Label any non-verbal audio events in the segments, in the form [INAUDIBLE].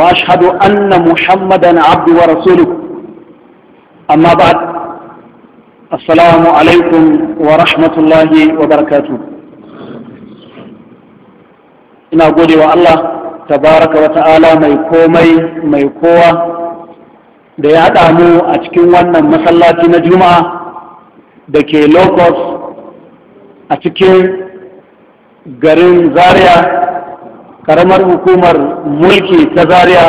واشهد ان محمدا عبده ورسوله اما بعد السلام عليكم ورحمه الله وبركاته ina gode wa Allah tabaraka wa ta'ala mai komai mai kowa da ya haɗa mu a cikin wannan masallaci na juma'a da ke locust a cikin garin zaria karamar hukumar mulki ta zariya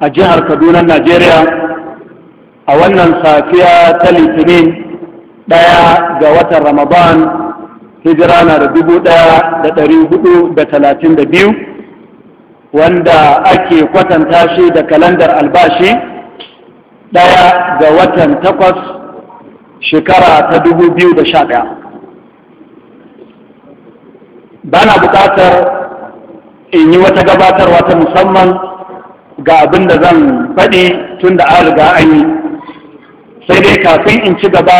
a jihar kaduna najeriya a wannan safiya ta litinin ɗaya ga watan ramadan hijira na da dubu ɗaya da ɗari hudu da talatin da biyu wanda ake kwatanta shi da kalandar albashi ɗaya ga watan takwas shekara ta dubu biyu da sha ɗaya ba na buƙatar in yi wata gabatarwa ta musamman ga abin da zan faɗi tun da an riga an yi sai dai kafin in ci gaba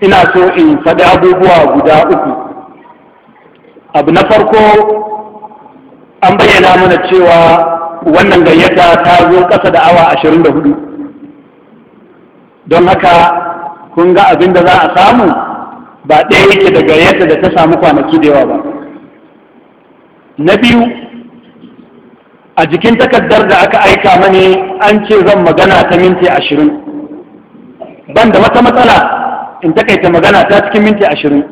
ina so in faɗi abubuwa guda uku abu na farko an bayyana mana cewa wannan gayyata ta zo ƙasa da awa ashirin da hudu don haka kun ga abin da za a samu ba ɗaya yake da gayyata da ta samu kwanaki da yawa ba na biyu a jikin takardar da aka aika mani an ce zan magana ta minti ashirin ban da wata matsala in takaita magana ta cikin minti ashirin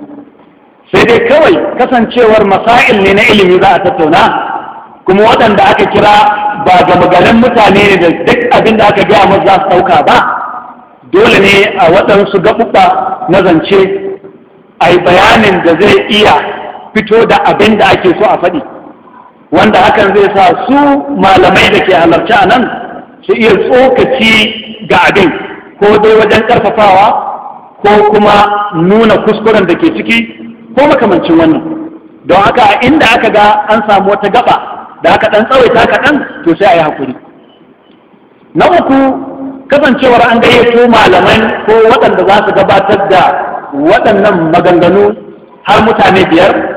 sai dai kawai kasancewar masail ne na ilimi za a tattauna kuma waɗanda aka kira ba ga maganin mutane ne da duk abin da aka gaya masu za su ɗauka ba dole ne a waɗansu gaɓuɓɓa na zance a yi bayanin da zai iya fito da abin da ake so a faɗi wanda hakan zai sa su malamai da ke halarci a nan su iya tsokaci ga abin ko dai wajen karfafawa ko kuma nuna kuskuren da ke ciki ko makamancin wannan don haka inda aka ga an samu wata gaba da aka dan tsawaita kaɗan to sai a yi hakuri na uku kasancewar an gayyato malamai ko waɗanda za su gabatar da waɗannan maganganu har mutane biyar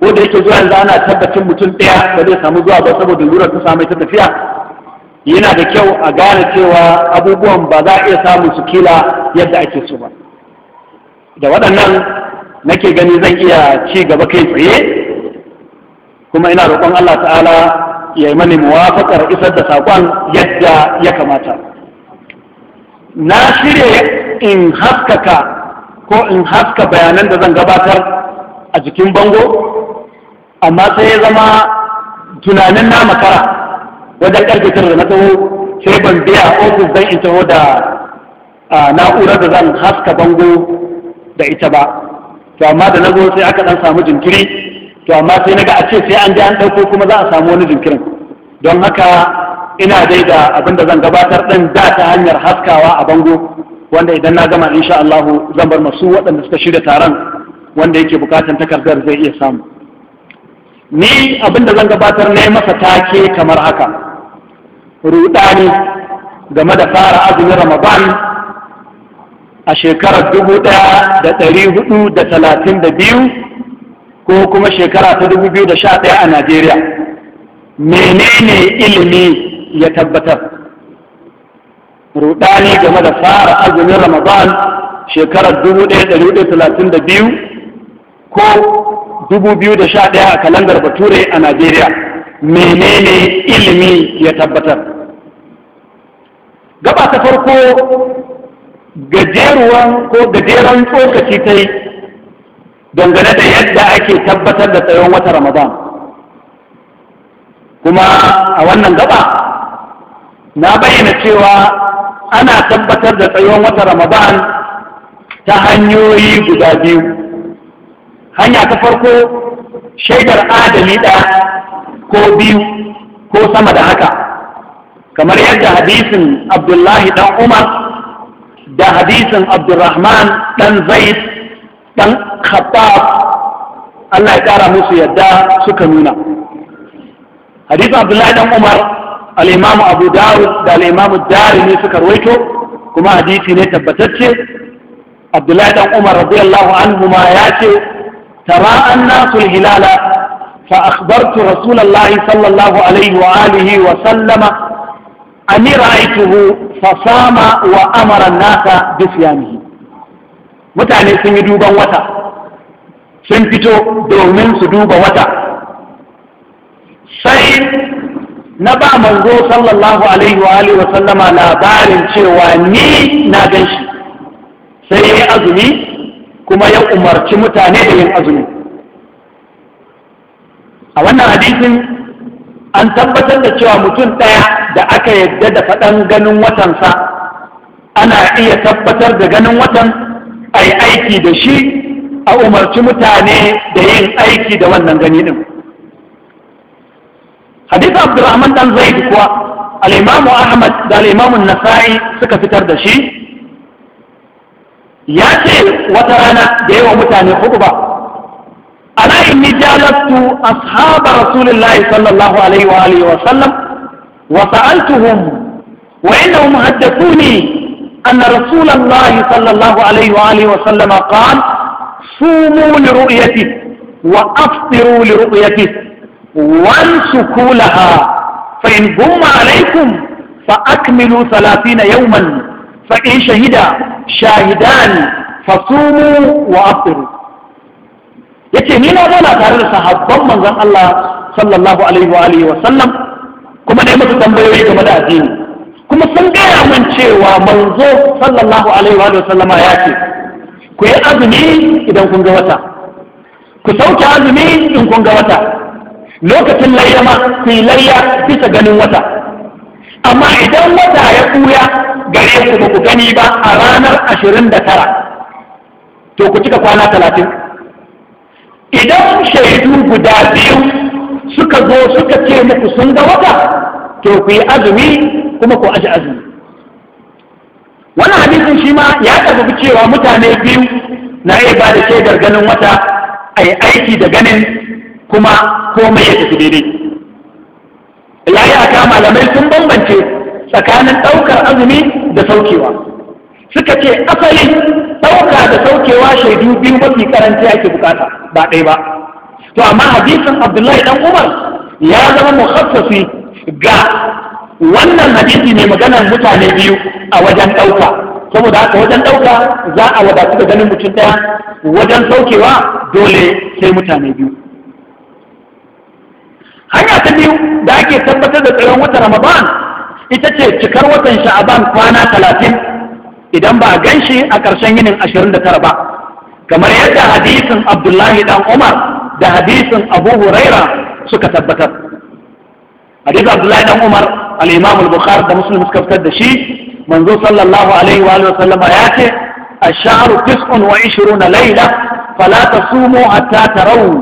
ko da yake zuwa yanzu ana tabbacin mutum ɗaya ba zai samu zuwa ba saboda lura ta samu ta tafiya yana da kyau a gane cewa abubuwan ba za a iya samun su kila yadda ake so ba da waɗannan nake gani zan iya ci gaba kai tsaye kuma ina roƙon Allah ta'ala ya yi mani muwafaƙar isar da sakon yadda ya kamata na shirya in haskaka ko in haska bayanan da zan gabatar a jikin bango amma sai ya zama tunanin na makara wajen karfe da na taho sai ban biya ofis don in taho da na'urar da zan haska bango da ita ba to amma da na zo sai aka dan samu jinkiri to amma sai na ga a ce sai an je an ɗauko kuma za a samu wani jinkirin don haka ina dai da abin da zan gabatar ɗin da ta hanyar haskawa a bango wanda idan na gama insha Allah zan bar masu waɗanda suka shirya taron wanda yake bukatan takardar zai iya samu ni abin da zan gabatar ne masa take kamar haka rudani game da fara azumin ramadan a shekarar dubu ɗaya da ɗari hudu da talatin da biyu ko kuma shekara ta dubu biyu da sha ɗaya a najeriya menene ilimi ya tabbatar rudani game da fara azumin ramadan shekarar dubu ɗaya da ɗari hudu da talatin da biyu ko Dubu biyu da sha 2011 a kalandar bature a Najeriya menene ilimi ya tabbatar gaba ta farko gajeruwan ko gajeren tsokaci ta yi dangane da yadda ake tabbatar da tsayon wata ramadan kuma a wannan gaba na bayyana cewa ana tabbatar da tsayon wata ramadan ta hanyoyi guda biyu hanya ta farko shaidar adami ɗaya ko biyu ko sama da haka kamar yadda hadisin abdullahi dan umar da hadisin abdurrahman dan zaid dan khattab allah ya ƙara musu yadda suka nuna hadisin abdullahi dan umar al'imamu abu dawud da al'imamu darimi suka ruwaito kuma hadisi ne tabbatacce abdullahi dan umar radiyallahu anhu ma ya ce تراءى الناس الهلال فأخبرت رسول الله صلى الله عليه وآله وسلم أني رأيته فصام وأمر الناس بصيامه mutane sun yi duban wata sun fito domin su duba wata sai na ba manzo sallallahu alaihi wa alihi wa sallama labarin cewa ni na ganshi. sai ya azumi kuma ya umarci mutane da yin azumi a wannan hadisin an tabbatar da cewa mutum ɗaya da aka yadda da faɗan ganin watansa ana iya tabbatar da ganin watan a yi aiki da shi a umarci mutane da yin aiki da wannan gani ɗin hadith abdurrahman dan zaid kuwa al-imamu ahmad da al-imamu nasa'i suka fitar da shi ya ce wata rana da yawa mutane hudu ba ala inni jalastu ashaba rasulillahi sallallahu alaihi wa alihi wa sallam wa sa'altuhum wa innahum haddathuni anna rasulallahi sallallahu alaihi wa alihi wa sallam qala sumu li ru'yati wa afṭiru li ru'yati وانسكوا لها فإن غم عليكم فأكملوا ثلاثين يوما فإن شهد shahidan fasumu wa aftiru yace ni na zauna tare da sahabban manzon Allah sallallahu alaihi wa alihi wa sallam kuma dai musu tambayoyi game da addini kuma sun gaya min cewa manzo sallallahu alaihi wa sallama ya ce ku yi azumi idan kun ga wata ku sauke azumi in kun ga wata lokacin layya ma ku yi layya bisa ganin wata amma idan wata ya ɓuya gare ku ba ku gani ba a ranar ashirin da tara to ku cika kwana talatin idan shaidu guda biyu suka zo suka ce muku sun ga wata to ku yi azumi kuma ku aji azumi Wani hadisin shi ma ya karfafi cewa mutane biyu na iya ba da shaidar ganin wata a yi aiki da ganin kuma komai ya tafi daidai ya yi malamai sun bambance tsakanin ɗaukar azumi da saukewa suka ce asalin ɗauka da saukewa shaidu biyu mafi karanci ake bukata ba ɗaya ba to amma hadisin abdullahi dan umar ya zama muhassasi ga wannan hadisi mai maganar mutane biyu a wajen ɗauka saboda haka wajen ɗauka za a wadatu da ganin mutum ɗaya wajen saukewa dole sai mutane biyu hanya ta biyu da ake tabbatar da tsaron wata ramadan ita ce cikar watan sha'aban kwana talatin idan ba a gan shi a ƙarshen yinin ashirin da tara ba kamar yadda hadisin abdullahi dan umar da hadisin abu huraira suka tabbatar hadisin abdullahi dan umar al-imam al-bukhari da muslim suka fitar da shi manzo sallallahu alaihi wa sallama ya ce الشهر تسع وعشرون ليلة فلا تصوموا حتى تروا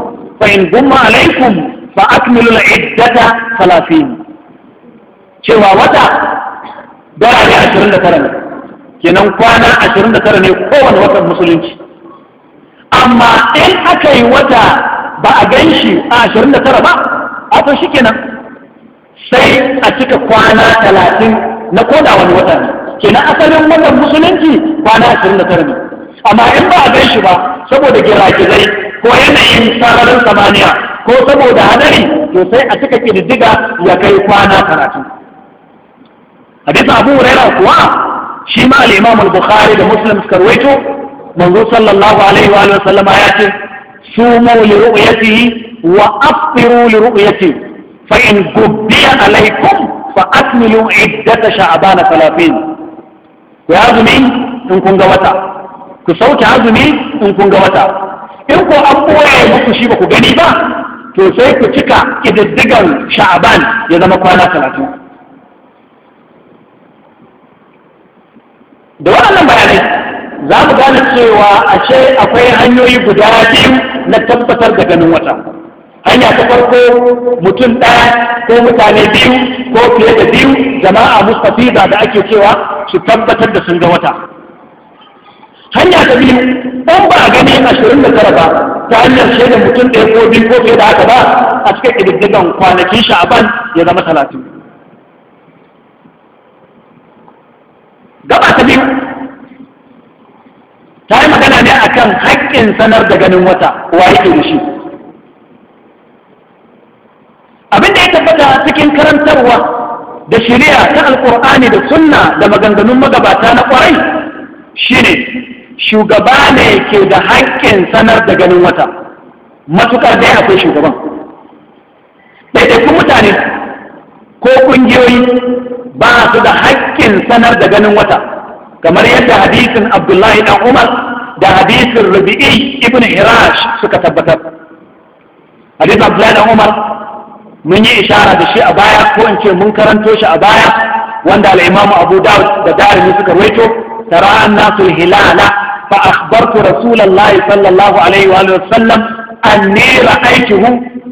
فإن gumma عليكم فأكملوا العدة ثلاثين cewa wata ne ashirin da tara ne kenan kwana ashirin da tara ne kowane watan musulunci amma in aka yi wata ba a gan shi a ashirin da tara ba a to shi kenan sai a cika kwana talatin na koda wani wata ne kenan asalin watan musulunci kwana ashirin da tara ne amma in ba a gan shi ba saboda gira-gizai ko yanayin sararin samaniya ko saboda hadari to sai a cika ƙididdiga ya kai kwana talatin hadisin abu huraira kuwa shi ma al-imam al-bukhari da muslim suka rawaito manzo sallallahu alaihi wa sallama ya ce sumu li ru'yatihi wa afṭiru li ru'yatihi fa in gubbiya alaykum fa akmilu iddata sha'bana 30 ku azumi in kun ga wata ku sauke azumi in kun ga wata in ko an boye muku shi ba ku gani ba to sai ku cika kididdigan sha'aban ya zama kwana talatin da waɗannan bayanai za mu gane cewa ce akwai hanyoyi guda biyu na tabbatar da ganin wata hanya ta farko mutum ɗaya ko mutane biyu ko fiye da biyu jama'a mustafiza da ake cewa su tabbatar da sun ga wata hanya ta biyu ɗan ba a gani ashirin da tara ba ta hanyar shaidar mutum ɗaya ko biyu ko fiye da haka ba a cikin ƙididdigan kwanakin sha'aban ya zama talatin gaba ta biyu ta yi magana ne akan haƙƙin sanar da ganin wata wa yake da shi abin da ya tabbata cikin karantarwa da shirya ta alƙur'ani da sunna da maganganun magabata na ƙwarai shine shugaba ne ke da haƙƙin sanar da ganin wata matuƙar dai akwai shugaban ɗaiɗaikun mutane ko ƙungiyoyi ba su da hakkin sanar da ganin wata kamar yadda hadisin abdullahi dan umar da hadisin rabi'i ibn hirash suka tabbatar hadisin abdullahi dan umar mun yi ishara da shi a baya ko in ce mun karanto shi a baya wanda al'imamu abu da'ud da darimi suka rawaito tara annasu hilala فأخبرت رسول الله صلى الله عليه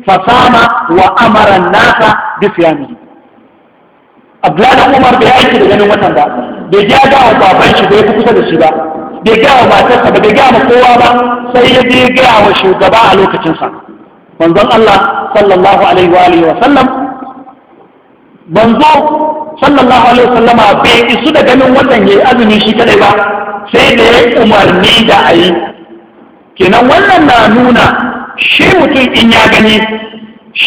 Fa sama wa amara nasa, وأمر الناس بصيامه abdullahi umar bai aiki da ganin watan ba bai ga ga baban shi bai kusa da shi ba bai ga matarsa ba bai ga kowa ba sai ya je ga wa shugaba a lokacin sa manzon Allah sallallahu alaihi wa alihi wa sallam manzo sallallahu alaihi wa sallama bai isu da ganin wannan yayi azumi shi kadai ba sai da ya umarni da ayi kenan wannan na nuna shi mutum in ya gani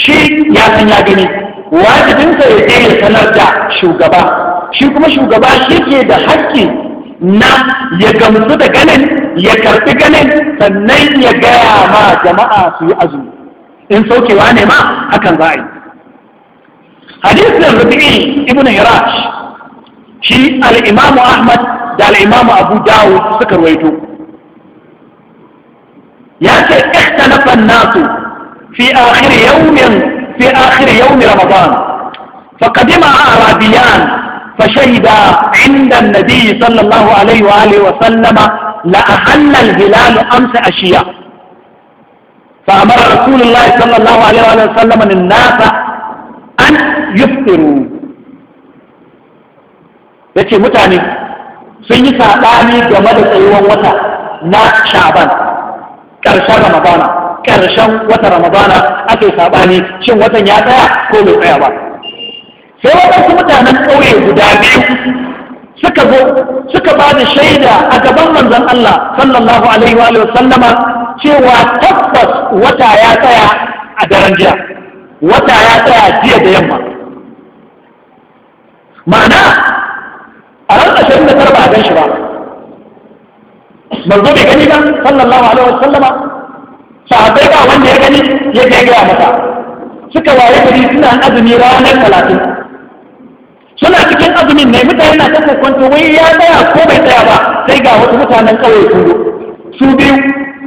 shi ya san ya gani wajibinsa ya iya sanar da shugaba shi kuma shugaba shi ke da hakki na ya gamsu da ganin ya karɓi ganin sannan ya gaya ma jama'a su yi azumi in saukewa ne ma hakan za a yi hadisin rufi'i ibn hirash shi al'imamu ahmad da al'imamu abu dawud suka ruwaito ya ce na nasu fi akhir yawmin في آخر يوم رمضان فقدم أعرابيان فشهد عند النبي صلى الله عليه وآله وسلم لأحل الهلال أمس أشياء فأمر رسول الله صلى الله عليه وآله وسلم الناس أن يفطروا yace mutane sun yi saɓani game da tsayuwan wata na sha'ban ƙarshen ramadana ƙarshen wata ramadana ake saɓani shin watan ya tsaya ko bai tsaya ba sai waɗansu mutanen ƙauye guda biyu suka zo suka ba da shaida a gaban manzon Allah sallallahu alaihi wa sallama cewa tabbas wata ya tsaya a daren jiya wata ya tsaya jiya da yamma ma'ana a ran ashirin da tara ba a gan shi ba manzo bai gani ba sallallahu alaihi wa sallama sahabbai ba wanda ya gani ya ga gaya mata. suka waye gari suna azumi ranar talatin suna cikin azumin ne mutane na ta kwanto wai ya tsaya ko bai tsaya ba sai ga wasu mutanen kawai su zo su biyu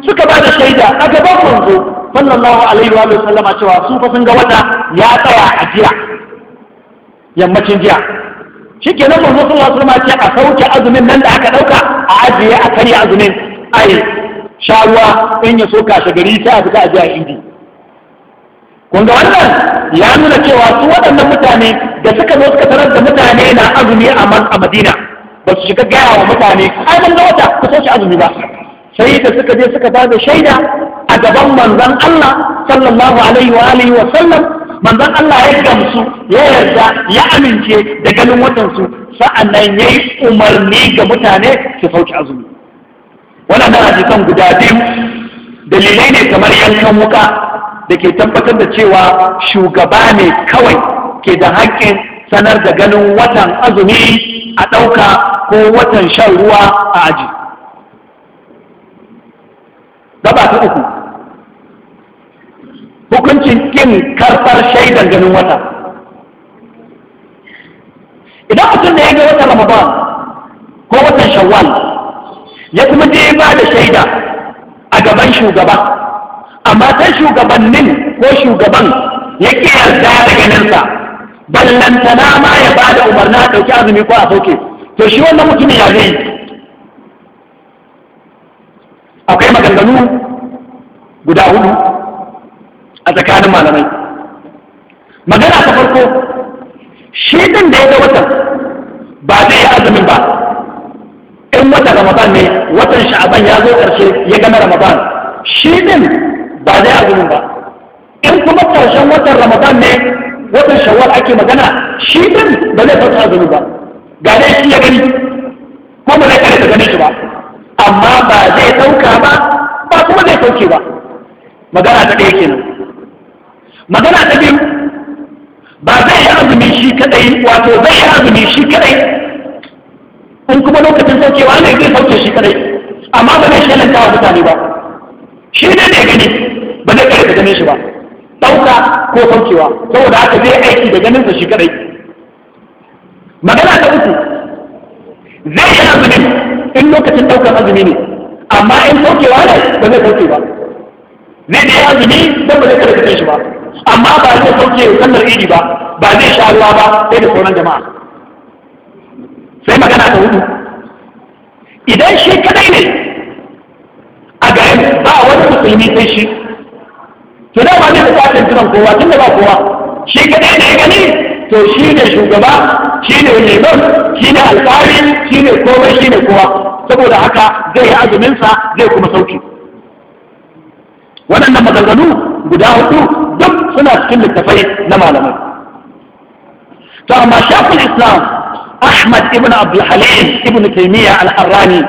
suka ba da shaida a gaban manzo sallallahu alaihi wa sallama cewa su fa sun ga wata ya tsaya a jiya yammacin jiya shikenan manzo sallallahu alaihi wa sallama ce a sauke azumin nan da aka ɗauka a ajiye a karya azumin ai sha in ya so kashe gari sai a fita a jiya indi kun ga wannan ya nuna cewa su waɗannan mutane da suka zo suka tarar da mutane na azumi a madina ba su shiga gaya wa mutane ai ban ga wata ku so azumi ba sai da suka je suka bada shaida a gaban manzon Allah sallallahu alaihi wa alihi wa sallam manzon Allah ya gamsu ya yarda ya amince da ganin watan su sa'annan yayi umarni ga mutane su sauki azumi ake kan guda biyu dalilai ne kamar yankan wuka da ke tabbatar da cewa shugaba ne kawai ke da haƙƙin sanar da ganin watan azumi a ɗauka ko watan shan ruwa a aji gaba ta uku hukuncin kin karɓar shaidar ganin wata idan mutum da ya ga wata ramadan ko watan shawwal ya kuma je ba da shaida a gaban shugaba amma sai shugabannin ko shugaban ya ƙi yarda da ganinsa ballantana ma ya ba da umarna a ɗauki azumi ko a sauke to shi wannan mutumin ya zai akwai maganganu guda hudu a tsakanin malamai magana ta farko shi da ya ga watan ba zai yi azumin ba in wata ramadan ne watan sha'aban ya zo karshe ya gama ramadan shi din ba zai azumin ba in kuma karshen watan ramadan ne watan shawwal ake magana shi din ba zai fata azumin ba ga dai shi ya gani ko ba zai kare da gani shi ba amma ba zai dauka ba ba kuma zai sauke ba magana ta ɗaya kenan magana ta biyu ba zai yi azumi shi kadai wato zai yi azumi shi kadai in kuma lokacin saukewa ne zai sauke shi kadai amma ba zai shalanta wa mutane ba shi ne ne gani ba zai kare ka ganin shi ba ɗauka ko saukewa saboda haka zai aiki da ganin sa shi kadai magana ta uku zai yi azumi in lokacin daukar azumi ne amma in saukewa ne ba zai sauke ba zai da azumi don ba zai kare ka ganin shi ba amma ba zai sauke sallar idi ba ba zai sha ruwa ba sai da sauran jama'a sai magana ta hudu idan shi kadai ne a garin ba wani musulmi sai shi to da ba zai bukatar kiran kowa tun da ba kowa shi kadai ne gani to shi ne shugaba shi ne liman shi ne alfari shi ne komai shi ne kowa saboda haka zai yi azuminsa zai kuma sauki waɗannan maganganu guda hudu duk suna cikin littafai na malamai to amma shafin islam Ahmad ibn Abdul Halim ibn Taymiyyah al-Harrani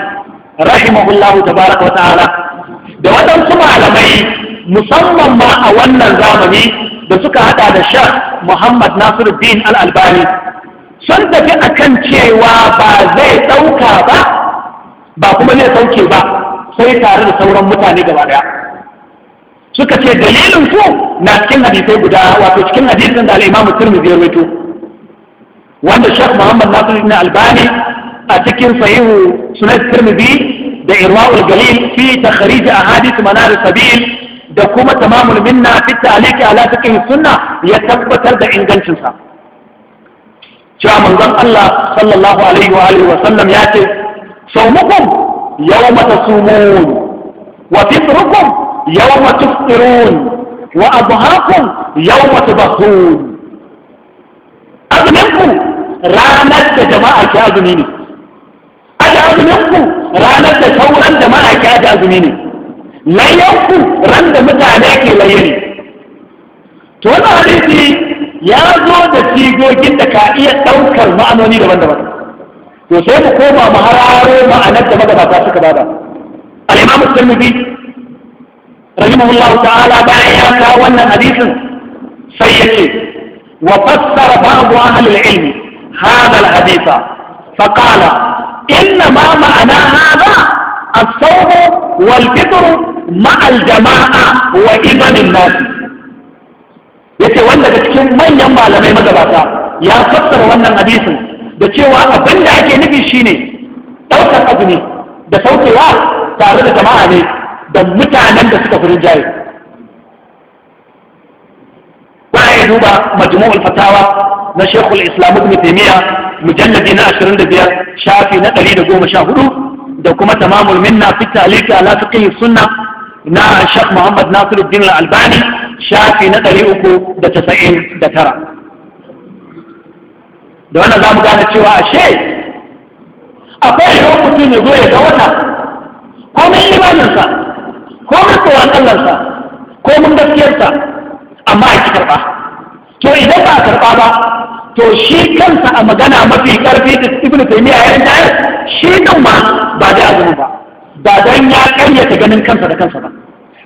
rahimahullahu tabaraka wa da waɗansu malamai musamman ma a wannan zamani da suka hada da Sheikh Muhammad Nasiruddin al-Albani sun tafi akan cewa ba zai ɗauka ba ba kuma zai sauke ba sai tare da sauran mutane gaba daya suka ce dalilin na cikin hadisai guda wato cikin hadisin da al-Imam Tirmidhi ya rawaito wanda Sheikh Muhammad Nasir ibn Albani a cikin sahihu Sunan Tirmidhi da Irwaul Galil fi takhrij ahadith manar sabil da kuma tamamul minna fi ta'liq ala fiqh sunna ya tabbatar da ingancin sa cewa manzon Allah sallallahu alaihi wa alihi wa sallam ya ce saumukum yawma tasumun wa fitrukum yawma tufṭirun wa adhaakum yawma tadhhun azminku ranar da jama'a ke azumi ne aji azumin ku ranar da sauran jama'a ke aji azumi ne layan ku ran da mutane ke laye ne to wannan hadisi ya zo da sigogin da ka iya ɗaukar ma'anoni daban-daban to sai mu koma mu hararo ma'anar da magabata suka bada al-imam at-tirmidhi rahimahullahu ta'ala bayan ya kawo wannan hadisin sai ya ce wa fassara ba'du ahli al-ilm هذا الحديث فقال إنما معنى هذا الصوم والفطر مع الجماعة وإذن الناس yace wanda da cikin manyan malamai magabata ya fassara wannan hadisin da cewa abin da ake nufi shine ɗaukar azumi da saukewa tare da jama'a ne da mutanen da suka fi rinjaye ya duba majmu'ul fatawa na shekul islam ibn taymiya mujalladi na 25 shafi na 114 da kuma tamamul minna fi ta'liq ala fiqh sunna na shek muhammad nasiruddin al-albani shafi na 399 da wannan zamu gane cewa ashe akwai yawan mutum ya zo ya ga wata komai imaninsa komai tsoron Allahnsa komai gaskiyarsa amma a ki karɓa to idan ba a karɓa ba to shi kansa a magana mafi ƙarfi da ibn taymiya ya rinta shi din ma ba da azumi ba ba dan ya karyata ganin kansa da kansa ba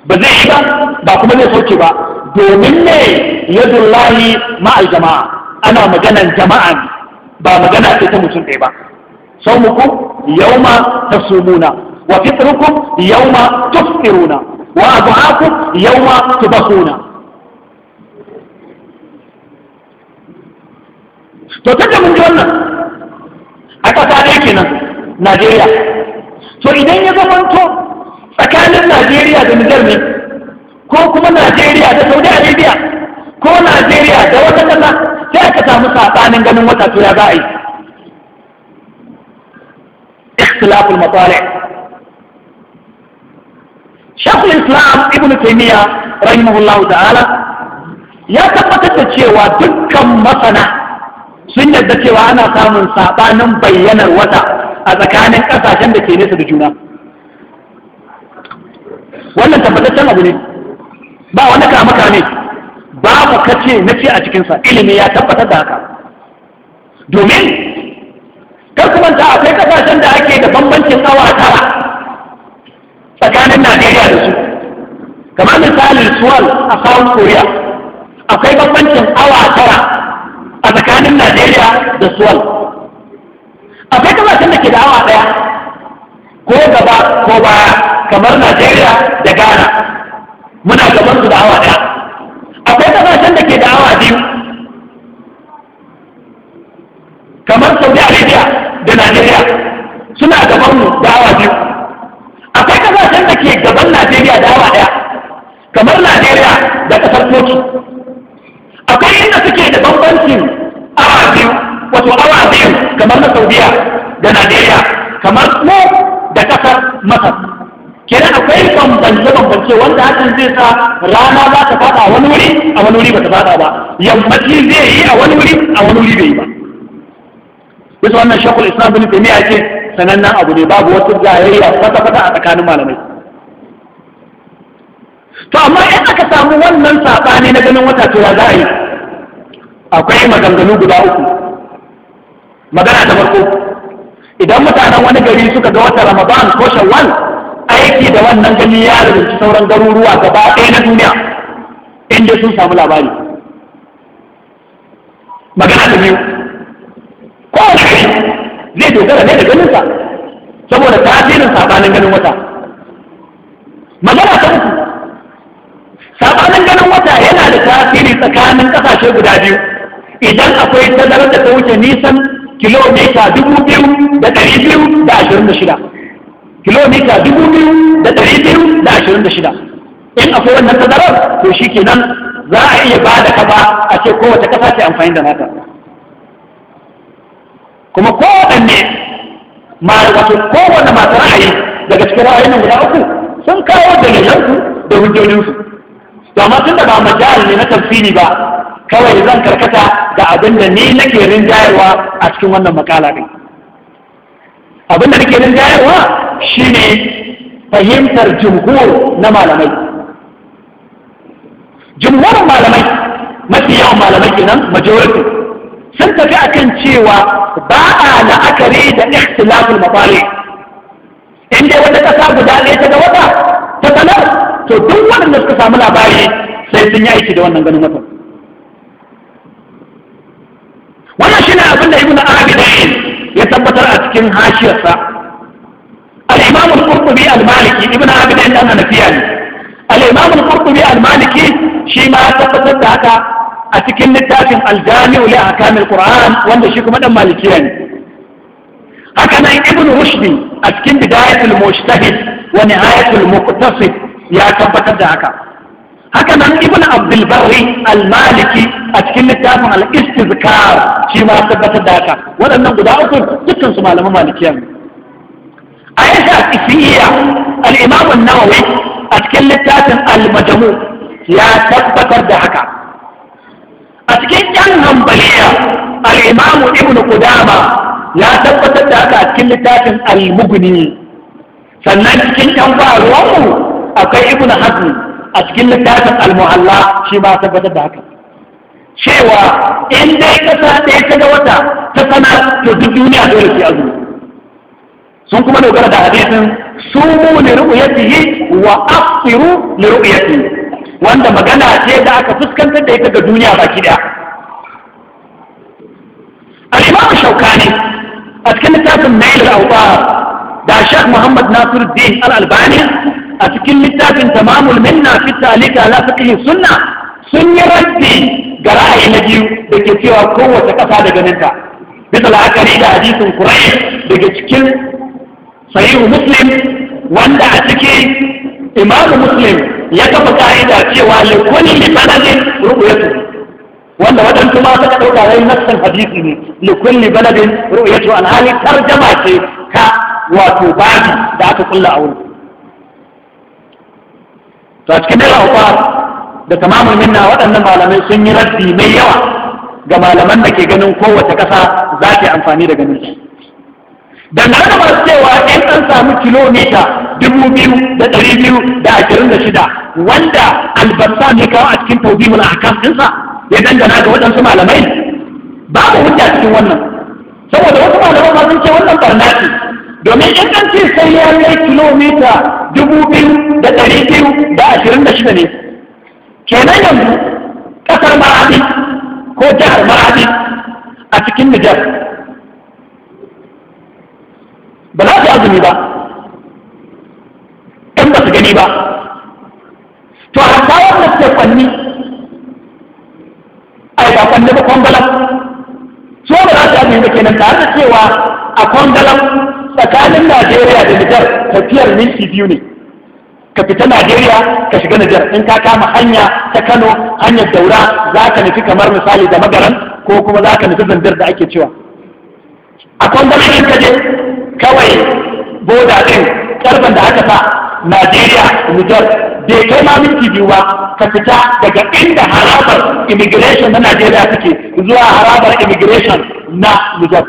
ba zai yi ba ba kuma zai sauke ba domin ne yadullahi ma'al jama'a ana maganan jama'a ne ba magana ce ta mutum ɗaya ba saumukum ta sumuna. wa fitrukum yawma tuftiruna wa adhaakum yawma tubasuna to tunda mun ji wannan a ƙasa yake kenan najeriya to idan ya zamanto tsakanin najeriya da nijar ne ko kuma najeriya da saudi arabia ko najeriya da wata ƙasa sai aka samu saɓanin ganin wata to ya za a yi ikhtilaful matsalai شيخ islam ibn تيميه rahimahullahu ta'ala ya tabbatar da cewa dukkan masana sun yarda cewa ana samun sabanin bayyanar wata a tsakanin kasashen da ke nesa da juna wannan tabbataccen abu ne ba wani kama kame mu kace na ce a cikinsa ilimi ya tabbatar da haka domin kar kuma ta akwai kasashen da ake da bambancin awa tara tsakanin najeriya da su kamar misali suwal a south korea akwai bambancin awa tara a tsakanin najeriya da suwal akwai kasashen da ke da awa ɗaya ko gaba ko baya kamar najeriya da ghana muna gaban su da awa ɗaya akwai kasashen da ke da awa biyu kamar saudi arabia da najeriya suna gaban mu da awa biyu akwai kasashen da ke gaban najeriya da awa ɗaya kamar najeriya da ƙasar Turki. akwai inda suke da bambancin awa biyu wato awa biyu kamar na saudiya da najeriya kamar mu da kasar masar kenan akwai bambance bambance wanda hakan zai sa rana za ta fada a wani wuri a wani wuri ba ta fada ba yammaci zai yi a wani wuri a wani wuri bai yi ba bisa wannan shakul islam bin taymiya ce sanannen abu ne babu wata jayayya kwata kwata a tsakanin malamai to amma in aka samu wannan saɓani na ganin wata cewa za a yi akwai maganganu guda uku magana ta farko idan mutanen wani gari suka ga wata ramadan ko shawwal aiki da wannan gani ya rubuci sauran garuruwa gaba ɗaya na duniya inda sun samu labari magana ta biyu ko zai dogara ne da ganinsa saboda tasirin sabanin ganin wata magana ta uku sabanin ganin wata yana da tasiri tsakanin kasashe guda biyu idan akwai tazarar da ta wuce nisan kilomita dubu biyu da ɗari biyu da ashirin da shida kilomita dubu biyu da ɗari biyu da ashirin da shida in akwai wannan tazarar to shi kenan za a iya ba da kafa a ce kowace kafa ce amfani da nata kuma kowanne ma wato kowanne masu ra'ayi daga cikin na guda uku sun kawo dalilansu da hujjojinsu to amma tun da ba majal ne na tafsiri ba kawai zan karkata da abin da ni nake rinjayarwa a cikin wannan makala din abin da nake rinjayarwa shine fahimtar jumhur na malamai jumhurin malamai mafi yawan malamai kenan majority sun tafi akan cewa ba a la'akari da ikhtilaful mafari Inda dai wata kasa guda ɗaya ta ga wata ta sanar to duk waɗanda suka samu labari sai sun yi aiki da wannan ganin watan wannan shine abin da ibnu abidin ya tabbatar a cikin hashiyarsa al-imam al-qurtubi al-maliki ibnu abidin dan hanafiya ne al-imam al-qurtubi al-maliki shi ma ya tabbatar da haka a cikin littafin al-jami'u li ahkam al-qur'an wanda shi kuma dan malikiya ne haka nan ibnu rushdi a cikin bidayatul mujtahid wa nihayatul muqtasid ya tabbatar da haka haka nan ibn abdul barri al-maliki a cikin littafin al-istizkar shi ma tabbatar da haka waɗannan guda uku dukkan su malaman malikiya ne aisha isiya al-imam an-nawawi a cikin littafin al-majmu ya tabbatar da haka a cikin yan hanbaliya al-imam ibn qudama ya tabbatar da haka a cikin littafin al-mughni sannan cikin yan ba akwai ibn hazm a cikin littafin al-muhalla shi ta tabbatar da haka cewa in dai kasa ɗaya ta ga wata ta sana to duk duniya dole sai azumi sun kuma dogara da hadisin ne li ru'yatihi wa aqiru li ru'yatihi wanda magana ce da aka fuskantar da ita ga duniya baki daya al-imam shaukani a cikin littafin nail al-awtar da Shak muhammad nasiruddin al-albani a cikin littafin tamamul minna fi talika ala sunna sun yi rabbi ga ra'ayi na biyu da ke cewa kowace kasa da ganinta bisa la'akari da hadisin qur'an daga cikin sahihu muslim wanda a ciki imamu muslim ya kafa ka'ida cewa likulli baladin ru'yatu wanda waɗansu ma suka ɗauka wai nassan hadisi ne likulli baladin ru'yatu alhali tarjama ce ta wato babi da aka kulla a wurin to a cikin rahoton da tamamul minna waɗannan malamai sun yi rabbi mai yawa ga malaman da ke ganin kowace ƙasa za ta amfani da ganin su dangane da masu cewa 'yan an samu kilomita dubu biyu da ɗari biyu da ashirin da shida wanda albasa ne kawo a cikin taubimul ahkam ɗinsa ya dangana ga waɗansu malamai babu hujja cikin wannan saboda wasu malaman ma sun ce wannan barna ce domin in an ce sai ya kai kilomita dubu biyu da ɗari biyu da ashirin da shida ne kenan yanzu ƙasar ma'adi ko jihar ma'adi a cikin nijar ba za su azumi ba ɗan ba su gani ba to a kawo da suke kwanni ai ba kwanni ba kwangalan so ba za su azumi ba kenan tare da cewa a kwangalan tsakanin Najeriya da Nijar tafiyar minti biyu ne ka fita Najeriya ka shiga Nijar in ka kama hanya ta Kano hanyar Daura za ka nufi kamar misali da Magaran ko kuma za ka nufi Zandar da ake cewa a kwangwamshin ka je kawai boda ɗin karban da aka sa Najeriya Nijar bai kai ma minti biyu ba ka fita daga inda harabar immigration na Najeriya suke zuwa harabar immigration na Nijar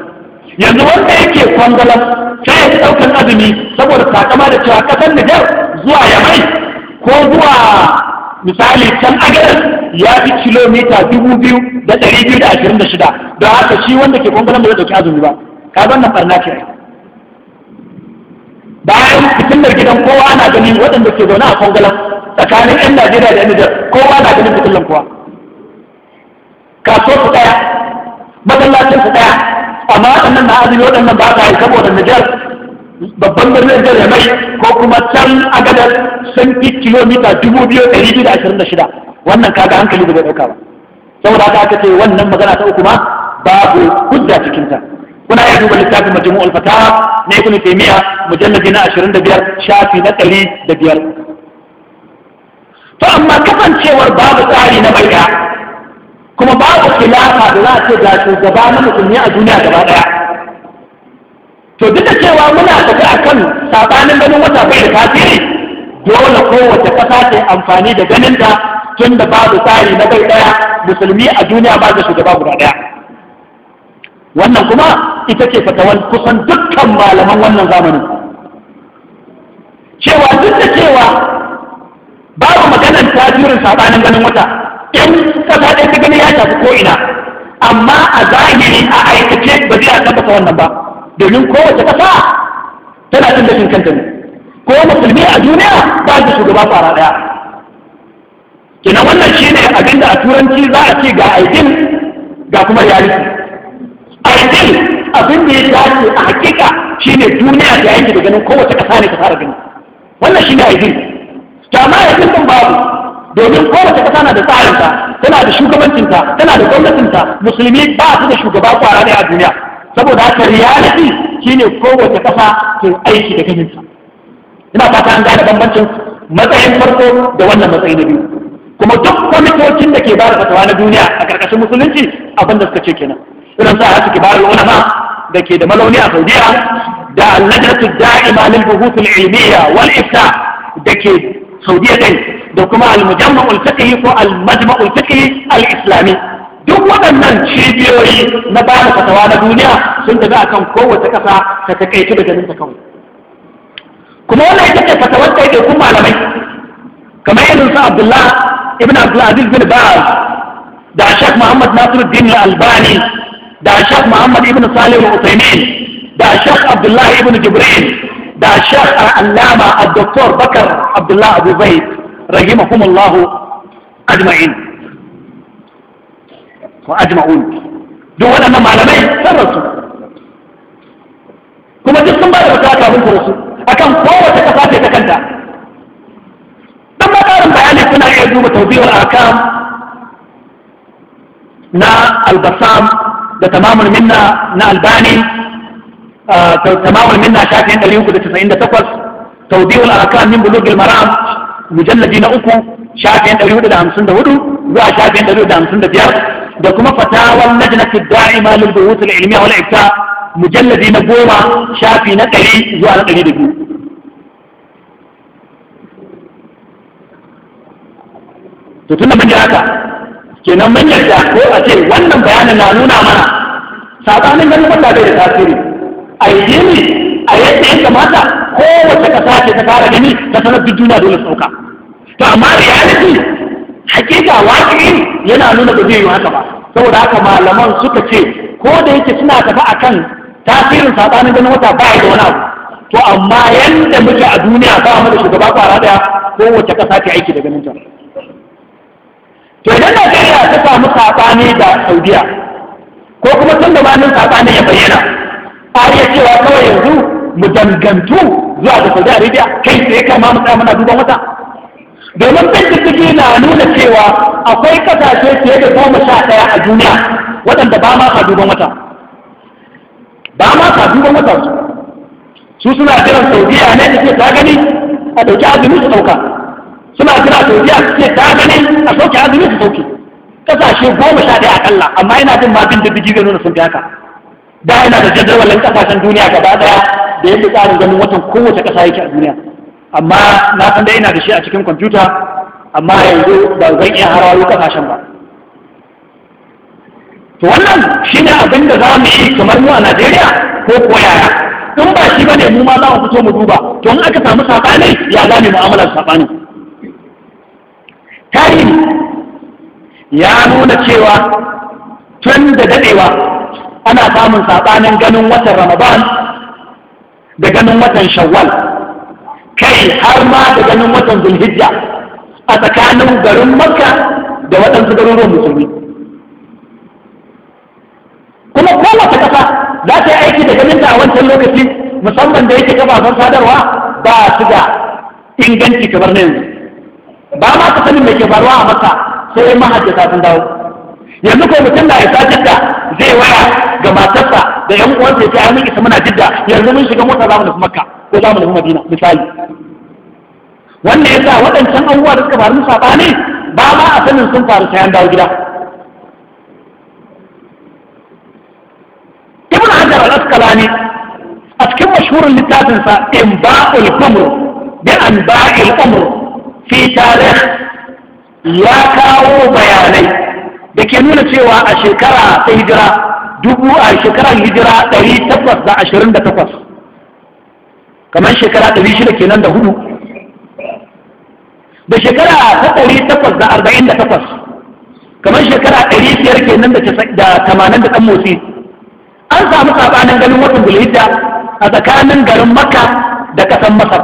yanzu wanda yake kwangalan ta yi ji ɗaukan azumi saboda takama da cewa ƙasar Nijar zuwa Yamai ko zuwa misali can agaran ya fi kilomita dubu biyu da ɗari biyu da ashirin da shida don haka shi wanda ke kwangalan ba zai ɗauki azumi ba ka zan na ɓarna ke bayan fitilar gidan kowa ana ganin waɗanda ke zaune a kwangalan tsakanin 'yan Najeriya da 'yan Nijar kowa na ganin fitilar kowa kasuwar su ɗaya masallacin su ɗaya amma wannan na azumi waɗannan ba sa yi saboda Nijar babban birnin Nijar ya mai ko kuma can agadar sun fi kilomita dubu biyu ɗari biyu da ashirin da shida wannan kaga hankali da bai ɗauka ba saboda haka aka ce wannan magana ta uku ma babu hujja cikinta kuna iya duba littafin majmu'ul alfata, na ibn taymiya mujallabi na 25 shafi na 105 to amma kasancewar babu tsari na maida kuma babu khilafa da za a ce ga shugaba na musulmi a duniya gaba daya to duk da cewa muna tafi akan sabanin ganin wata bai da tasiri dole kowace ƙasa ta amfani da ganinta ta tun da babu tsari na bai daya musulmi a duniya ba da shugaba guda daya wannan kuma ita ce fatawan kusan dukkan malaman wannan zamanin cewa duk da cewa babu maganar tasirin sabanin ganin wata in kasa ɗaya gani ya tafi ko ina amma a zahiri a aikace ba zai tabbata wannan ba domin kowace ƙasa tana cin dashin kanta ne ko musulmi a duniya ba su shugaba fara daya kina wannan shine abinda a turanci za a ce ga aikin ga kuma reality aikin abin da ya dace a hakika shine duniya da yake da ganin kowace ƙasa ne ta fara gani wannan shine aikin ta ma aikin babu domin kowace kasa na da tsarinta tana da shugabancinta tana da gwamnatinta musulmi ba su da shugaba kwara ne a duniya saboda haka reality shine kowace kasa ke aiki da ganinsa ina fata an gane bambancin matsayin farko da wannan matsayi na biyu kuma duk kwamitocin da ke ba da fatawa na duniya a ƙarƙashin musulunci abin da suka ce kenan irin sa hasu ke bayar ulama da ke da malauni a saudiya da allajatu da'ima lil buhutul ilmiya wal ifta da ke saudiya din da kuma al-mujamma fiqhi ko al-majma fiqhi duk waɗannan cibiyoyi na ba da fatawa na duniya sun tafi kan kowace ƙasa ta takaitu da ganin ta kawai kuma wannan ita ce fatawar ta yake kuma malamai kamar irin su Abdullah ibn Abdul Aziz bin Baz da Sheikh Muhammad Nasiruddin Al-Albani da Sheikh Muhammad ibn Salih Al-Uthaymeen da Sheikh Abdullah ibn Jibril da Sheikh Al-Allama al-doktor Bakar Abdullah Abu Zaid رحمهم الله اجمعين واجمعون دول انا معلمين الرسول كما تسمى الرسول من الرسول اكم قوة تكفاتي تكنتا تم دار بياني كنا يعجوب توضيح الاركام نا البصام ده تماما منا نا الباني آه، تماما منا شاكين اليوكو ده تسعين ده تقوص توضيح الاركام من بلوغ المرام mujalladi na uku shafin ɗari hudu da hamsin da hudu zuwa shafin ɗari hudu da hamsin da biyar da kuma fatawar lajnati da'ima lil buhut al ilmiya wal ifta mujalladi na goma shafi na ɗari zuwa na ɗari da biyu to tunda mun ji haka kenan mun yarda ko a ce wannan bayanin na nuna mana sabanin ganin wanda bai da tasiri ayyini a yadda ya kamata kowace kasa ce ta fara gani ta sanar duk duniya dole sauka to amma reality hakika waƙi yana nuna ba zai yi haka ba saboda haka malaman suka ce ko da yake suna tafi akan tasirin sabanin ganin wata ba da wani abu to amma yadda muke a duniya ba mu da shugaba kwara daya kowace kasa ke aiki da ganin ta to idan Najeriya ta samu sabani da Saudiya ko kuma tun da nan sabani ya bayyana a iya cewa kawai yanzu mu dangantu zuwa da Saudi Arabia kai sai kama ma mu tsaya muna duban wata domin bincike na nuna cewa akwai kasashe fiye da goma sha ɗaya a duniya waɗanda ba ma ka duban wata ba ma ka duban wata su suna jiran Saudiya ne da ke ta gani a ɗauki azumi su ɗauka suna jira Saudiya su ke ta gani a sauke azumi su sauke kasashe goma sha ɗaya akalla amma ina jin ma bin diddigi zai nuna sun fi haka da yana da jadawalin kasashen duniya gaba daya da yadda tsarin ganin watan kowace ƙasa yake a duniya amma na san da ina da shi a cikin kwamfuta amma yanzu ba zan iya harawo kasashen ba to wannan shi ne abin da za mu yi kamar mu a najeriya ko koya yaya in ba shi bane mu ma za mu fito mu duba to in aka samu saɓani ya za mu'amalar saɓanin tarihi ya nuna cewa tun da daɗewa ana samun saɓanin ganin watan ramadan da ganin watan shawwal kai har ma da ganin watan zulhijja a tsakanin garin makka da waɗansu garuruwan musulmi kuma kowace ƙasa za ta yi aiki da ganin ta a wancan lokaci musamman da yake kafafen sadarwa ba su da inganci kamar na yanzu ba ma ka sanin mai ke faruwa a makka sai mahajjata sun dawo yanzu ko mutum na isa jidda zai waya da matarsa da yan uwansa ya ce ai isa muna jidda yanzu mun shiga mota za mu nufi makka ko za mu nufi madina misali wannan yasa waɗancan abubuwa da suka faru na saɓani, ba ma a sanin sun faru sai an dawo gida ibn hajar al-asqalani a cikin mashhurin littafinsa imba'ul umr bi anba'il umr fi tarikh ya kawo bayanai da ke nuna cewa a shekara ta hijira dubu a shekarar hijira ɗari takwas da ashirin da takwas kamar shekara ɗari shida kenan da hudu da shekara ta ɗari takwas da arba'in da takwas kamar shekara ɗari biyar kenan da tamanin da ɗan motsi an samu saɓanin ganin watan bulhidda a tsakanin garin makka da ƙasar masar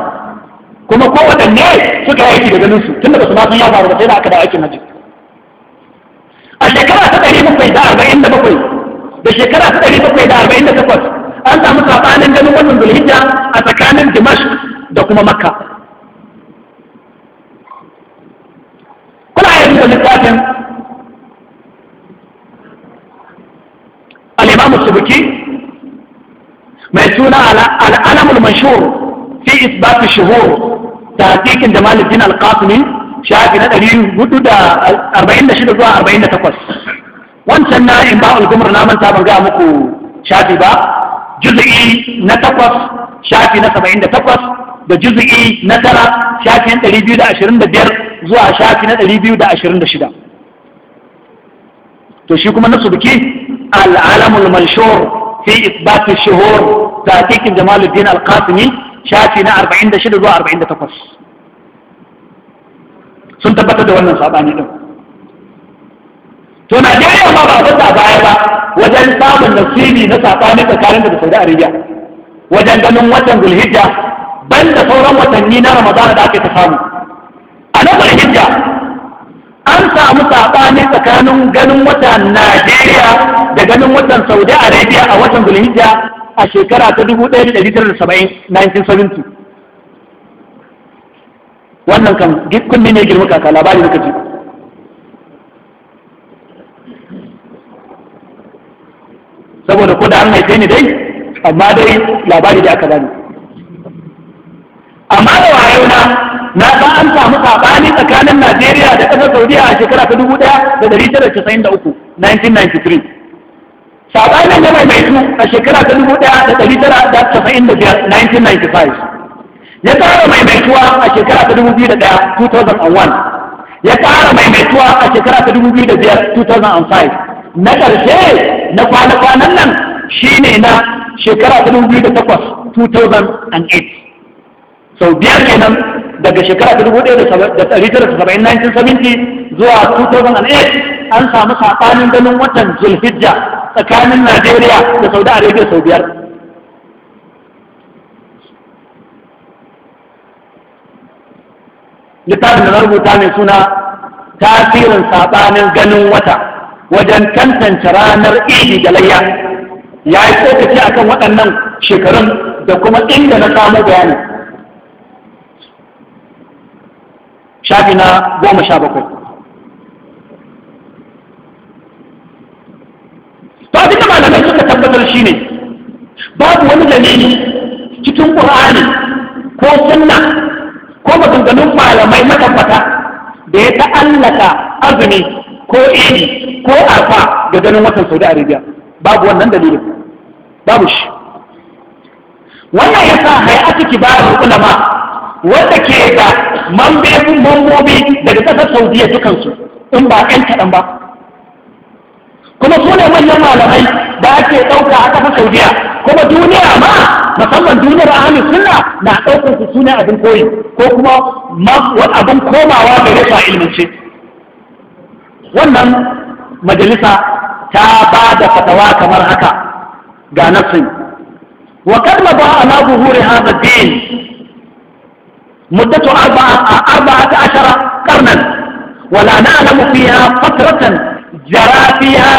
kuma ko waɗanne suka yi aiki da ganinsu, su tun da su ma sun ya faru ba sai da aka da aikin hajji a shekara ta ɗari bakwai da arba'in da bakwai da shekara ta ɗari bakwai da arba'in da takwas an samu saɓanin ganin wannan zulhijja a tsakanin dimash da kuma makka kuna yin da littafin al'imamu subuki mai suna al'alamul mashur fi isbatu shuhur da hakikin jamaluddin al-qasimi shafi na 446 zuwa 48 wancan na yin ba ulgumar na manta ban ga muku shafi ba juz'i na takwas shafi na saba'in da takwas da juz'i na tara shafi na ɗari biyu da ashirin da biyar zuwa shafi na ɗari biyu da ashirin da shida to shi kuma na subki al'alamul manshur في إثبات الشهور تأتيك shafi na arba'in da shida zuwa arba'in da takwas. sun tabbatar da wannan saɓani ɗin. to Najeriya ma ba fata baya ba wajen samun nasibi na sabani tsakanin da Saudi Arabia wajen ganin watan Zulhijja ban da sauran watanni na Ramadan da ake ta samu a na Zulhijja an samu saɓani tsakanin ganin watan Najeriya da ganin watan Saudi Arabia a watan Zulhijja a shekara ta 1970 1970 wannan kan gikkun ne girma kaka labari muka ji saboda ko da an haife ni dai amma dai labari da aka bani amma da wayona na ba an samu sabani tsakanin Najeriya da ƙasar Saudi a shekara ta dubu ɗaya da tara casa'in da uku 1993 sabanin da mai su a shekara ta dubu ɗaya da tara da casa'in da biyar 1995 ya tsara mai maituwa a shekara ta dubu biyu da ɗaya 2001 ya tsara mai a shekara ta dubu biyu da biyar 2005 na ƙarshe na kwana-kwanan nan ne na shekara 2008 2008 sau biyar kenan daga shekara 1970 zuwa 2008 an samu saɓanin ganin watan zulhijja tsakanin najeriya da saudi arabia sau biyar littafin da na rubuta mai suna tasirin saɓanin ganin wata wajen tantance ranar idi da layya ya yi tsokaci a kan waɗannan shekarun da kuma inda na samu bayani shafi na goma sha bakwai ta abin da malamai suka tabbatar shi ne babu wani dalili cikin ƙur'ani ko sunna ko maganganun malamai matabbata da ya ta'allaka azumi ko idi ko arfa da ganin watan saudi arabia babu wannan dalilin babu shi wannan ya sa hay'atu kibarul ulama wanda ke da mambobin mambobi daga kasar saudiya dukansu in ba 'yan kaɗan ba kuma su ne manyan malamai da ake ɗauka a kasar saudiya kuma duniya ma musamman duniyar ahli sunna na ɗaukar su sune abin koyi ko kuma abin komawa da ya ilmance wannan majalisa ta ba da fatawa kamar haka ga nasri wa kadma ba ala zuhuri hadha din muddatu arba'a ashara qarnan ولا نعلم فيها فترة ayad فيها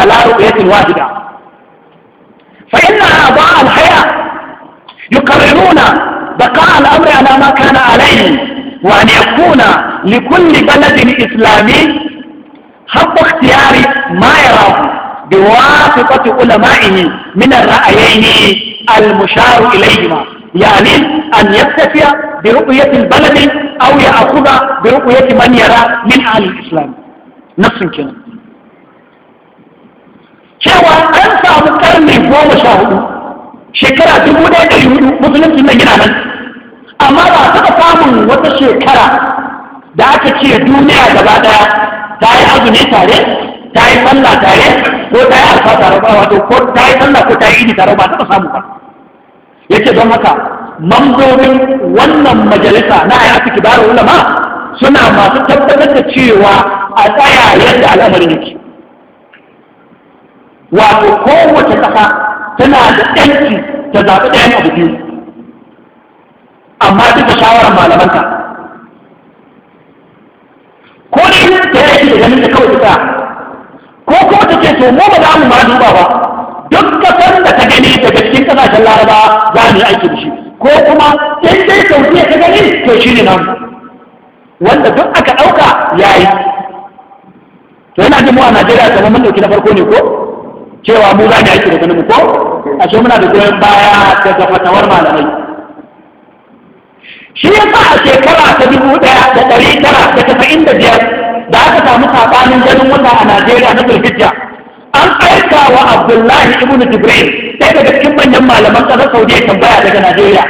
ala أعياد wahida fa inna ba'a al أعضاء الحياة baqa'a al-amri ala ma kana alayhi وأن يكون لكل بلد إسلامي حق اختيار ما يراه بواسطة علمائه من الرأيين المشار إليهما يعني أن يكتفي برؤية البلد أو يأخذ برؤية من يرى من أهل الإسلام نفس الكلام cewa an samu karni goma sha hudu shekara dubu amma ba taɓa samun wata shekara da aka ce duniya gaba ɗaya ta yi azumi tare ta yi sallah tare ko ta yi alfa tare ba wato ko ta yi sallah ko ta yi ini tare ba taɓa samu ba yace don haka mambobin wannan majalisa na ayatu kibar ulama suna masu tabbatar da cewa a tsaya yadda al'amarin yake wato kowace ƙasa tana da ɗanki ta zaɓi ɗayan abu biyu amma duk da shawarar malamanka ko ne ta yake da ganin da kawai ta ko kuma ta ce to mu ba za mu ma duba ba duk kasar da ta gani daga cikin kasashen laraba za mu yi aiki da shi ko kuma sai dai ya ta gani to shi ne namu wanda duk aka ɗauka ya yi to yana jin mu a najeriya kamar mun ɗauki na farko ne ko cewa mu za mu yi aiki da ganin mu ko ashe muna da goyon baya daga fatawar malamai shi ya sa a shekara ta dubu ɗaya da ɗari tara da tafa'in da biyar da aka samu saɓanin ganin wata a najeriya na zulhijja an aika wa abdullahi Ibn jibril ɗaya daga cikin manyan malaman ƙasar saudiya tambaya daga najeriya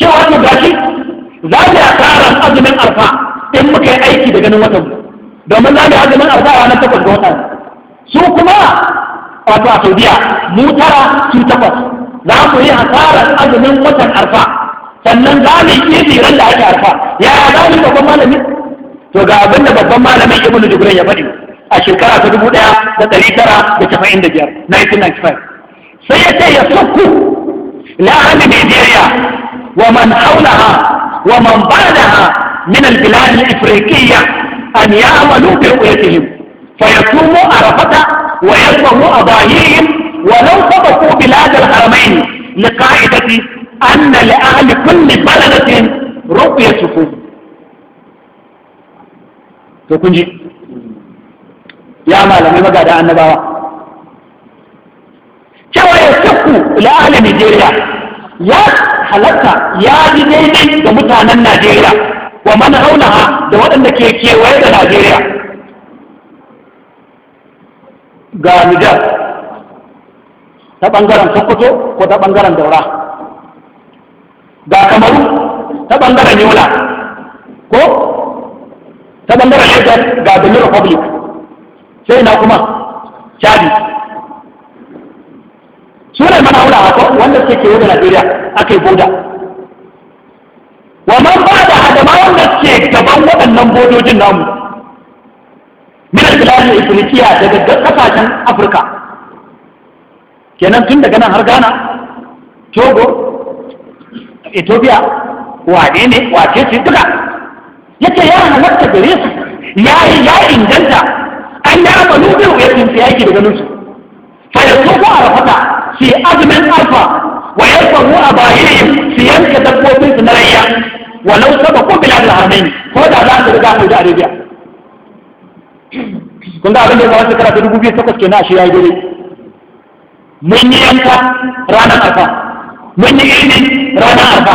cewa wannan gashi za mu yi asarar azumin arfa in muka yi aiki da ganin watan domin za mu yi azumin alfa a ranar takwas ga watan su kuma wato a saudiya mu tara su takwas za mu yi asarar azumin watan arfa sannan za mu yi kiri ran da ake harka ya za mu babban malami to ga abin da babban malamin ibnu jibrin ya faɗi a shekara ta dubu ɗaya da ɗari tara da tafa'in da biyar 1995 sai ya ce ya sukku la'ani nigeria wa man haulaha wa man ba'daha min al-bilad al-afriqiyya an ya'malu bi ru'yatihim fa yaqumu arafata wa yasfahu adahihim wa law sabaku bilad al-haramain liqa'idati أن لأهل كل بلدة رؤيتكم to kun ji ya malamai magada annabawa cewa ya sakku la'ala Nijeriya ya halatta ya ji daidai da mutanen Najeriya wa man haulaha da waɗanda ke kewaye da Najeriya ga Nijar ta ɓangaren Sokoto ko ta ɓangaren Daura ga kamar ta bangaren yola ko ta bangaren lagos ga benin republic sai na kuma chadi Sunan mana wula haka wanda suke kewa da najeriya aka yi boda wa man ba da Adama wanda suke gaban waɗannan bodojin namu minar bilalin ifirikiya daga kasashen afirka kenan tun daga nan har ghana togo ethiopia wane ne wace ce duka ya ce ya halatta gare su ya yi ya inganta an yi raba nufin ya tsinci yaki daga su. fa ya so ko a su shi azumin alfa wa ya faru a bayan su yanka dabbobin su na rayya walau saba ko bilal al-harmain ko da za su riga Saudi Arabia kun ga abin da ya zama shekara ta dubu biyu takwas kenan a shi ya yi dole mun yi yanka ranar alfa mun yi idi rana arfa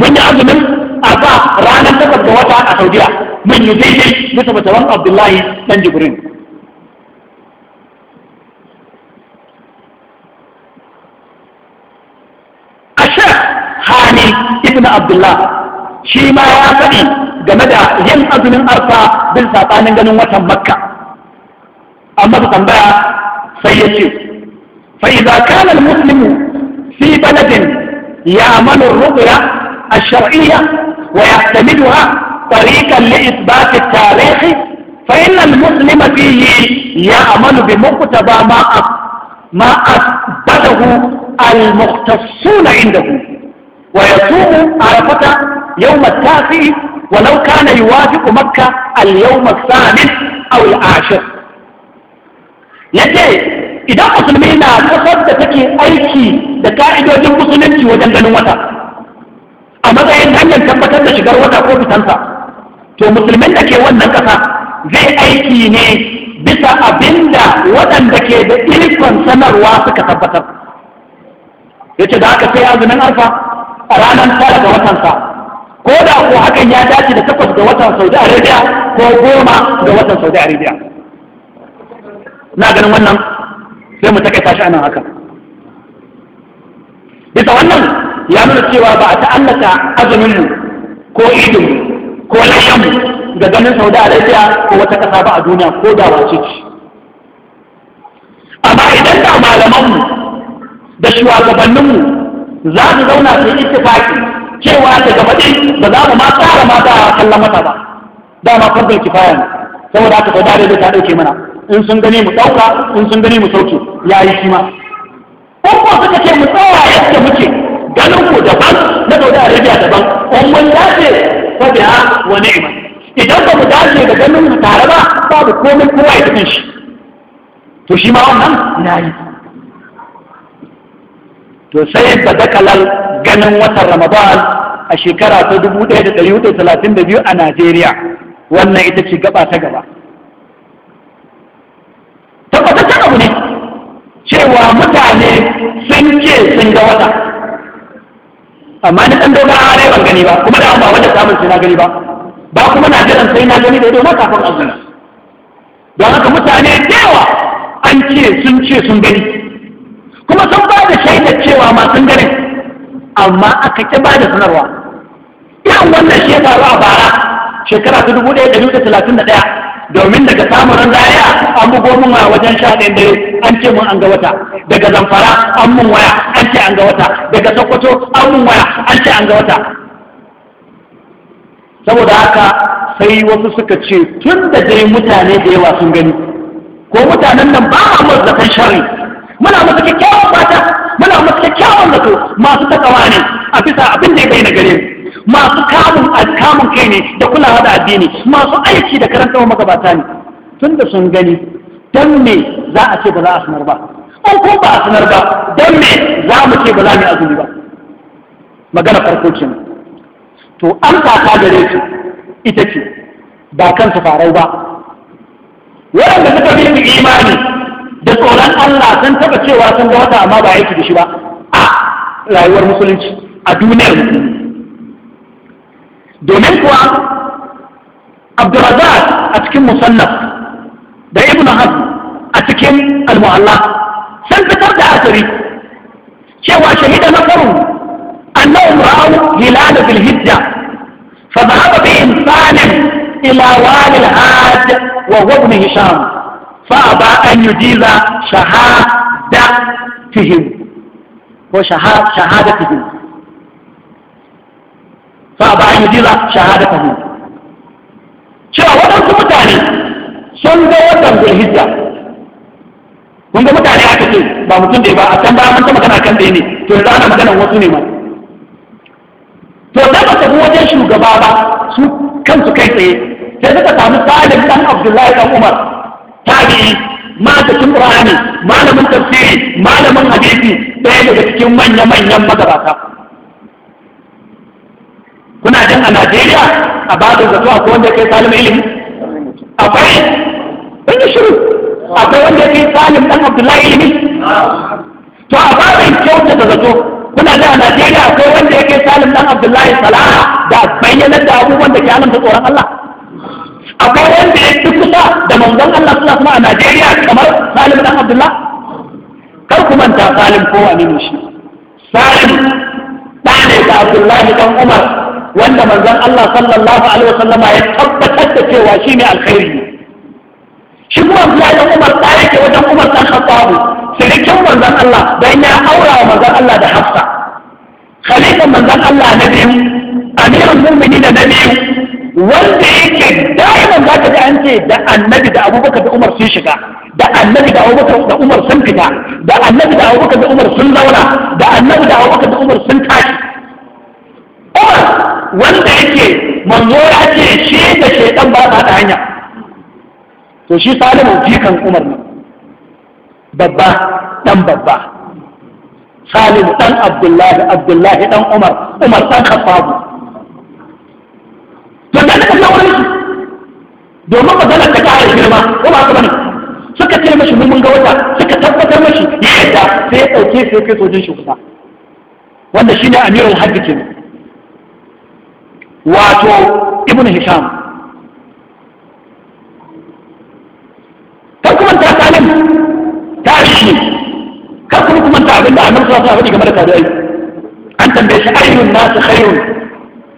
mun yi azumin arfa ranar takwas ga wata a saudiya mun yi daidai bisa mutawan abdullahi dan jibrin ashar hani ibn abdullah shi ma ya faɗi game da yin azumin arfa bin saɓanin ganin watan makka amma su tambaya sai ya ce fa idza kana al-muslimu في بلد يعمل الرؤية الشرعية ويعتمدها طريقا لإثبات التاريخ فإن المسلم فيه يعمل بمقتضى ما ما أثبته المختصون عنده ويصوم عرفة يوم التاسع ولو كان يوافق مكة اليوم الثامن أو العاشر يجي إذا مسلمين قصد تكي أيكي da ka'idojin musulunci wajen ganin wata a matsayin hanyar tabbatar da shigar wata ko fitansa to musulmin da ke wannan kasa, zai aiki ne bisa abinda waɗanda ke da ikon sanarwa suka tabbatar yace da aka sai azumin alfa a ranar tara ga watansa ko da ko hakan ya dace da takwas ga watan saudi arabia ko goma ga watan saudi arabia na ganin wannan sai mu takaita shi nan hakan. bisa wannan ya nuna cewa ba a ta'allaka azuminmu ko idinmu ko lashinmu ga ganin saudi arabia ko wata kasa ba a duniya ko da wace ce amma idan da malamanmu da shugabanninmu za su zauna su yi ittifaki cewa da gabaɗe ba za mu ma tsara mata a kallon mata ba dama fardar kifaya ne saboda haka saudi arabia ta ɗauke mana in sun gani mu ɗauka in sun gani mu sauke ya yi shi ma ko ko suka ce mu tsaya yadda muke ganin ku daban na a rabiya daban on mun dace fa da wa ni'ma idan ba mu dace da ganin mu tare ba babu komai kowa ya cikin shi to shi ma wannan yi to sai da dakalar ganin watan Ramadan a shekara ta 1432 a Najeriya wannan ita ce gaba ta gaba cewa mutane sun ce sun ga wata amma ni ɗan dogara ne ban gani ba kuma da ba wanda samun sai na gani ba ba kuma na jiran sai na gani da ido na kafin azumi don haka mutane yawa an ce sun ce sun gani kuma sun ba da shaidar cewa ma sun gani amma aka ƙi ba da sanarwa irin wannan shekara a bara shekara ta dubu ɗaya ɗari da talatin da ɗaya domin daga samun zariya an bugo mun waya wajen sha ɗayan dare an ce mun an ga wata daga zamfara an mun waya an ce an ga wata daga sokoto an mun waya an ce an ga wata saboda haka sai wasu suka ce tun da dai mutane da yawa sun gani ko mutanen nan ba a masu kan shari muna masu kyakkyawan fata muna masu kyakkyawan zato masu takawa ne a bisa abin da ya bayyana gare mu masu kamun alkamun kai ne da kulawa da addini masu aiki da karanta wa magabata ne tun da sun gani Don me za a ce ba za a sanar ba an ko ba a sanar ba don me za mu ce ba za mu yi azumi ba magana farko ce to an ta gare su ita ce ba kansu farau ba waɗanda suka bi su imani da tsoron Allah sun taba cewa sun ga wata amma ba aiki da shi ba a rayuwar musulunci a duniyar musulunci domin kuwa abdurazak a cikin musannaf da ibn hazm a cikin almuhalla sun fitar da asiri cewa shahida na faru annahum ra'aw hilal fil hijja fa dhahaba bi insanin ila wali al-hajj wa huwa ibn hisham fa aba an yujiza shahada fihim ko shahada fihim fa ba an yujiza shahadatahu cewa waɗansu mutane sun ga watan zulhijja kun ga mutane aka ce ba mutum da ba a can ba an ta magana kan ne to yanzu ana magana wasu ne ma to da ba tafi wajen shugaba ba su kansu kai tsaye sai suka samu salin dan abdullahi dan umar tabi'i malamin qur'ani malamin tafsiri malamin hadisi ɗaya daga cikin manya-manyan magabata kuna jin a Najeriya a babin zato akwai wanda kai salim ilimi akwai kun yi shiru akwai wanda kai salim dan Abdullahi ilimi to a babin kyauta da zato kuna jin a Najeriya akwai wanda kai salim dan Abdullahi salaha da bayyana da abubuwan da ke da tsoron Allah akwai wanda ya fi kusa da manzon Allah suna kuma a Najeriya kamar salim dan Abdullahi? kar ku manta salim kowa ne shi salim ɗane da Abdullahi dan Umar wanda manzon Allah sallallahu alaihi wasallam ya tabbatar da cewa shi ne alkhairi shi kuma Abdullahi dan Umar da yake wajen Umar dan Khattab sirikin manzon Allah dan ya aura wa manzon Allah da Hafsa khalifan manzon Allah na biyu amirul mu'minin na biyu wanda yake daiman za ka ji an ce da annabi da abubakar da umar sun shiga da annabi da abubakar da umar sun fita da annabi da abubakar da umar sun zauna da annabi da abubakar da umar sun tashi umar wanda yake manzo ya ce shi da shaidan ba ta hanya to shi salimu jikan umar ne babba dan babba Salimu dan abdullahi abdullahi dan umar umar dan khattabu to dan da kawo shi domin maganar ta tare girma ko ba ka bane suka ce mashi mun ga wata suka tabbatar mashi yadda sai ya dauke sai kai sojin shi kusa wanda shine amirul hajji kenan wato ibn hisham kar kuma ta kanin tarihi kar kuma kuma ta abin da annabi sallallahu alaihi wasallam game da tabi'ai an tambaye shi ayyun nasu khairun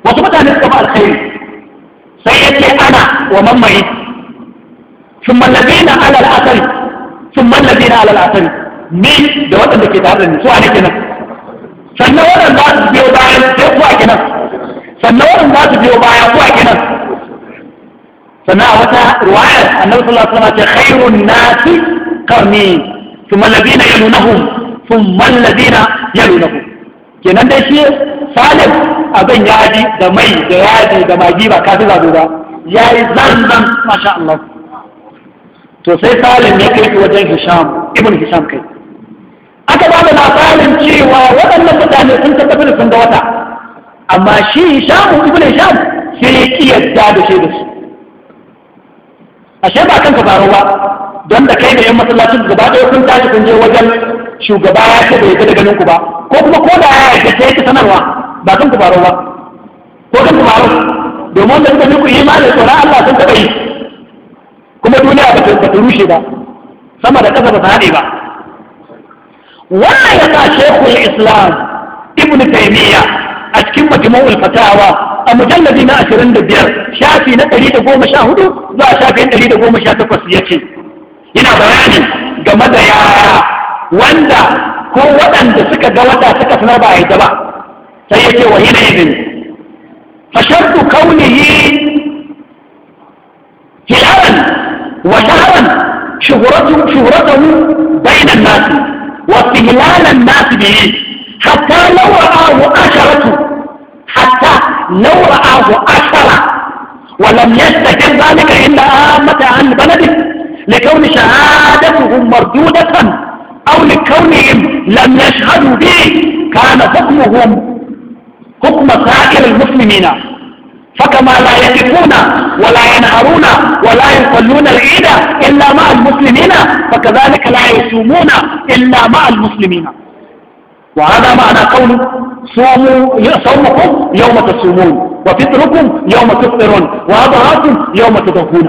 wasu mutane suka ba alkhairi sai yake ana wa mamaye ثم الذين على الأثر ثم الذين على الأثر من da waɗanda ke tare da ni su ne kenan sannan waɗanda za su biyo bayan sai kuwa kenan sannan wannan za su biyo baya ko a gidan sannan a wata ruwayar annabi sallallahu alaihi wasallam ce khairun nasi qarni thumma alladhina yalunahum thumma alladhina yalunahum kenan dai shi salim abin yaji da mai da yaji da magi ba kafi zazo ba yayi zanzan masha Allah to sai salim ya kai wajen hisham ibn hisham kai aka ba da labarin cewa waɗannan mutane sun tabbatar sun ga wata amma shi shamu ibn sham sai ya yadda da shi da su ashe ba kanka baro ba don da kai da yan masallacin gaba da kun tashi kun je wajen shugaba ya ce bai da ganin ku ba ko kuma ko da ya yarda sai ka sanarwa ba kanku baro ba ko kanku baro domin da suka ku da tsoron Allah sun taɓa yi kuma duniya ba ta rushe ba sama da ƙasa ba ta haɗe ba wannan ya sa shekul islam ibn taymiya a cikin majmu'ul fatawa a mujalladi na 25 shafi na 114 zuwa shafi na 118 yace yana bayani game da yara wanda ko waɗanda suka ga wata suka sanar ba a yi ba sai yake wa hina izin fa shartu kaunihi hilalan wa shahran شهرته شهرته بين الناس واستهلال الناس به حتى لو رآه عشرة لو رآه أثر ولم يستكن ذلك إلا عامة عن بلده لكون شهادتهم مردودة أو لكونهم لم يشهدوا به كان حكمهم حكم سائر المسلمين فكما لا يقفون ولا ينهرون ولا يصلون العيد إلا مع المسلمين فكذلك لا يصومون إلا مع المسلمين وهذا معنى قوله صوموا صومكم يوم تصومون وفطركم يوم تفطرون وأضهاركم يوم تضربون.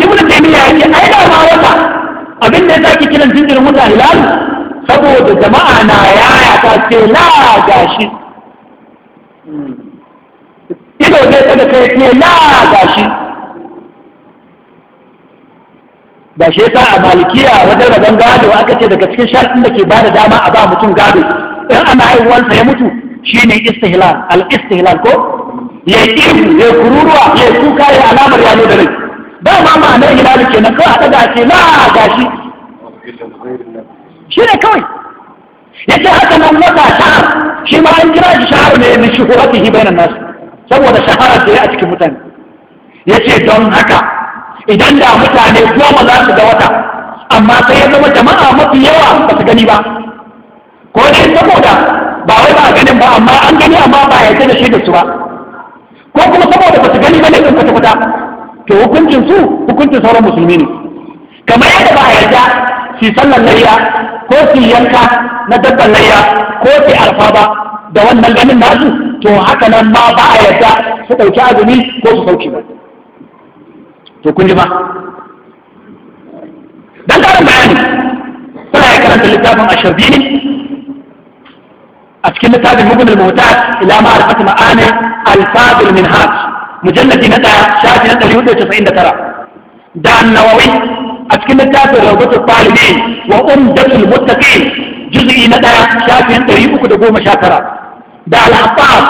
ابن التيمية عندي أين ما وضع أبن نزاكي كنا نزندر مدى هلال صبوت جماعنا يا عياتي لا جاشي إذا وزيت أنا سيكني لا جاشي da shi ta a malikiya wajen rabon gado aka ce daga cikin shartun da ke ba da dama a ba mutum gado in ana haihuwarsa ya mutu shi ne istihlal al istihlal ko ya ihu ya kururuwa ya kuka ya alamar yano da rai ba ma ma'anar hilal kenan kawai a daga ce na gashi shi ne kawai ya ce haka nan wata shahar shi ma an kira shi shahar ne min shuhuratihi bainan nasu saboda shahara da a cikin mutane ya ce don haka idan da mutane goma za su ga wata amma sai ya zama jama'a mafi yawa ba su gani ba ko dai saboda ba wai ba ganin ba amma an gani amma ba ya da shi da su ba ko kuma saboda ba su gani ba ne in kwata kwata to hukuncin su hukuncin sauran musulmi ne kamar yadda ba a yarda su sallan layya ko su yanka na dabban layya ko su alfa ba da wannan ganin nasu to haka nan ma ba a yarda su ɗauki azumi ko su sauki ba to kun ji ba dan karin bayani suna ya karanta littafin ashirbini أتكلم تاج المبن الممتاز إلى معرفة معاني من هذا مجلد ندى شاهد ندى اليهود وتسعين ترى دع النووي أتكلم تاج روضة الطالبين وأم وأمدة المتقين جزء ندى شاهد ندى يؤكد قوم شاكرا دع الحطاب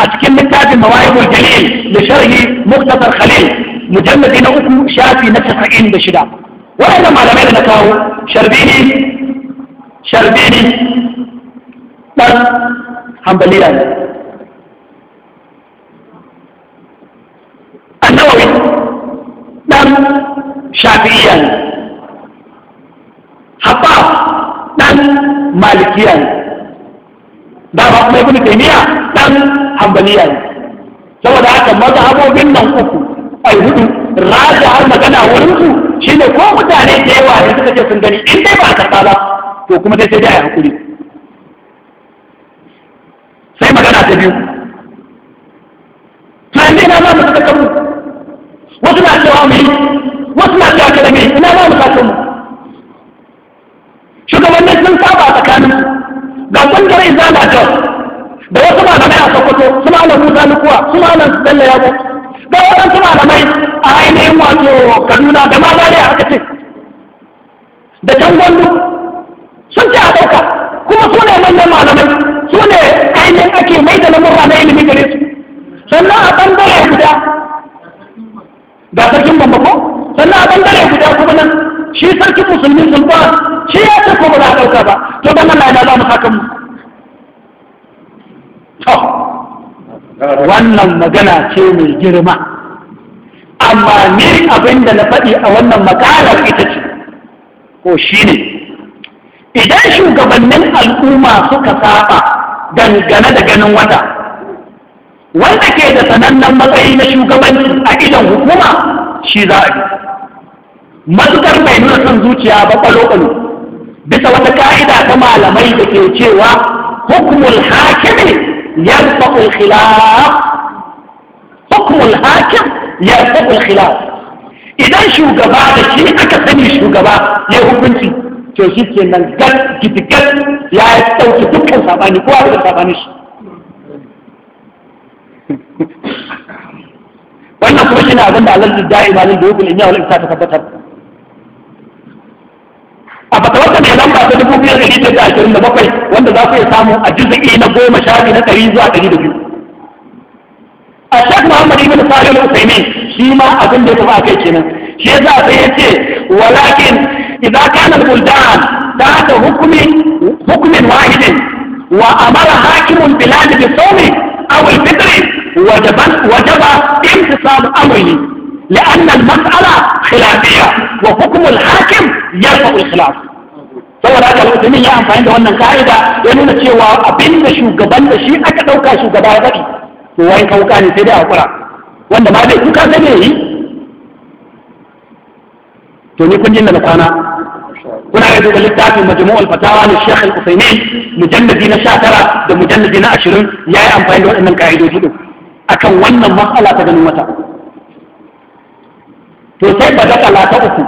أتكلم تاج المواهب الجليل لشرح مختصر خليل مجلد نووي شافي نتسعين بشدة وإذا معلمين نكاو شربيني شربيني ɗan hambaliya ne annawawi ɗan shafi'iya ne haɓa ɗan malikiya ne dama kuma ibn taymiya ɗan hambaliya ne saboda haka mazhabobin nan uku ai hudu raja har magana wurin su shine ko mutane da yawa ne suka ce sun gani in dai ba ka ba to kuma sai dai a hakuri ta biyu to yanzu ina ma mu ta wasu na cewa mu yi wasu na cewa ke da mai ina ma mu kamu shugabannin sun saba tsakanin ga kungiyar izala jos da wasu malamai a sokoto su malam musa lukuwa su malam su bello yabo ga waɗansu malamai a ainihin wato kaduna da ma zariya aka ce da can gwandu sun ce a ɗauka kuma su ne manyan malamai su ne ainihin ake mai da lamurra na ilimi gare su sannan a bangare guda ga sarkin bamba sannan a bangare guda kuma nan shi sarkin musulmi ba shi ya ce kuma ba za a ɗauka ba to ban nan na za mu mu to wannan magana ce mai girma amma ni abin da na faɗi a wannan makalar ita ce ko shi ne idan shugabannin al'umma suka saba dangane da ganin wata wanda ke da sanannen matsayi na shugabanci a idan hukuma shi za a bi matukar nuna son zuciya ba kwalo-kwalo bisa wata ka'ida ta malamai da ke cewa hukumul hakimi yarfa'ul khilaf hukumul hakim yarfa'ul khilaf idan shugaba da shi aka sani shugaba ya hukunci to shi ke nan gan gitigan ya ɗauki dukkan sabani, ko da sabani shi [LAUGHS] wannan kuma shi na abin da Allah da ya malin da ya kulin yawon ta tabbatar a fata wata mai lamba ta dubu biyar da ita da ashirin da bakwai wanda za ku iya samu a jiza'i na goma sha biyu na ɗari zuwa ɗari da biyu a shek muhammad ibn salih al-usaimin shi ma abin da ya tafi a kai kenan shi yasa sai ya ce walakin إذا كان البلدان تحت حكم حكم واحد وأمر حاكم البلاد بالصوم أو الفطر وجب وجب امتصال أمره لأن المسألة خلافية وحكم الحاكم يرفع الخلاف saboda haka musulmin ya amfani da wannan ka'ida ya nuna cewa abin da shugaban da shi aka ɗauka shugaba ya faɗi to wai kauka ne sai dai hakura wanda ma dai kuka sai ne yi to ni kun jinna na kwana kuna ga duba littafin majmu'ul fatawa na Sheikh Al-Uthaymeen mujalladi na 19 da mujalladi na 20 yayi amfani da waɗannan ka'idoji din akan wannan mas'ala ta ganin wata to sai ba da ta uku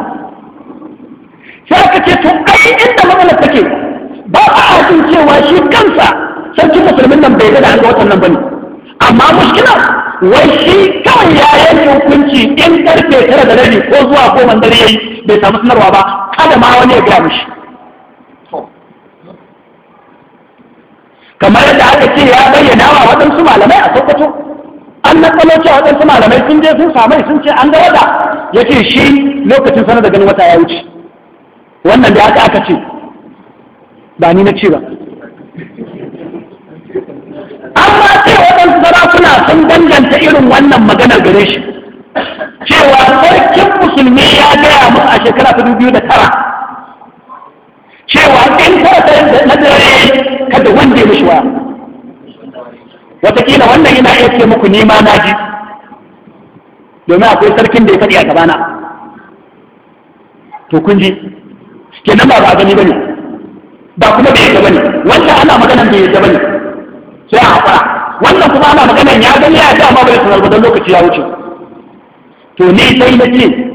sai aka ce to ai inda matsalar take ba a harkin cewa shi kansa sarki musulmin nan bai ga da an watan nan bane amma mushkila wai shi kawai ya yanke hukunci in karfe tara da rabi ko zuwa goma dare yayi bai samu sanarwa ba kada ma wani ya gaya mishi kamar yadda aka ce ya bayyana wa waɗansu malamai a sokoto an natsalo ce waɗansu malamai sun je sun samu sun ce an ga wata ya ce shi lokacin sanar da ganin wata ya wuce wannan da aka aka ce ba ni na ce ba amma ce waɗansu sarakuna sun danganta irin wannan maganar gare shi cewa sarkin musulmi ya gaya mun a shekara ta dubu da tara cewa ɗin tara ta na dare kada wanda ya mishi waya wataƙila wannan yana iya ce muku nima na ji domin akwai sarkin da ya faɗi a gabana to kun ji nan ba ba gani ba ne, ba kuma bai yadda ba ne. Wannan ana maganan bai yadda ba ne, sai a haƙura wannan kuma ana maganan ya gani ya ce amma bai sanar ba don lokaci ya wuce to ni sai na ce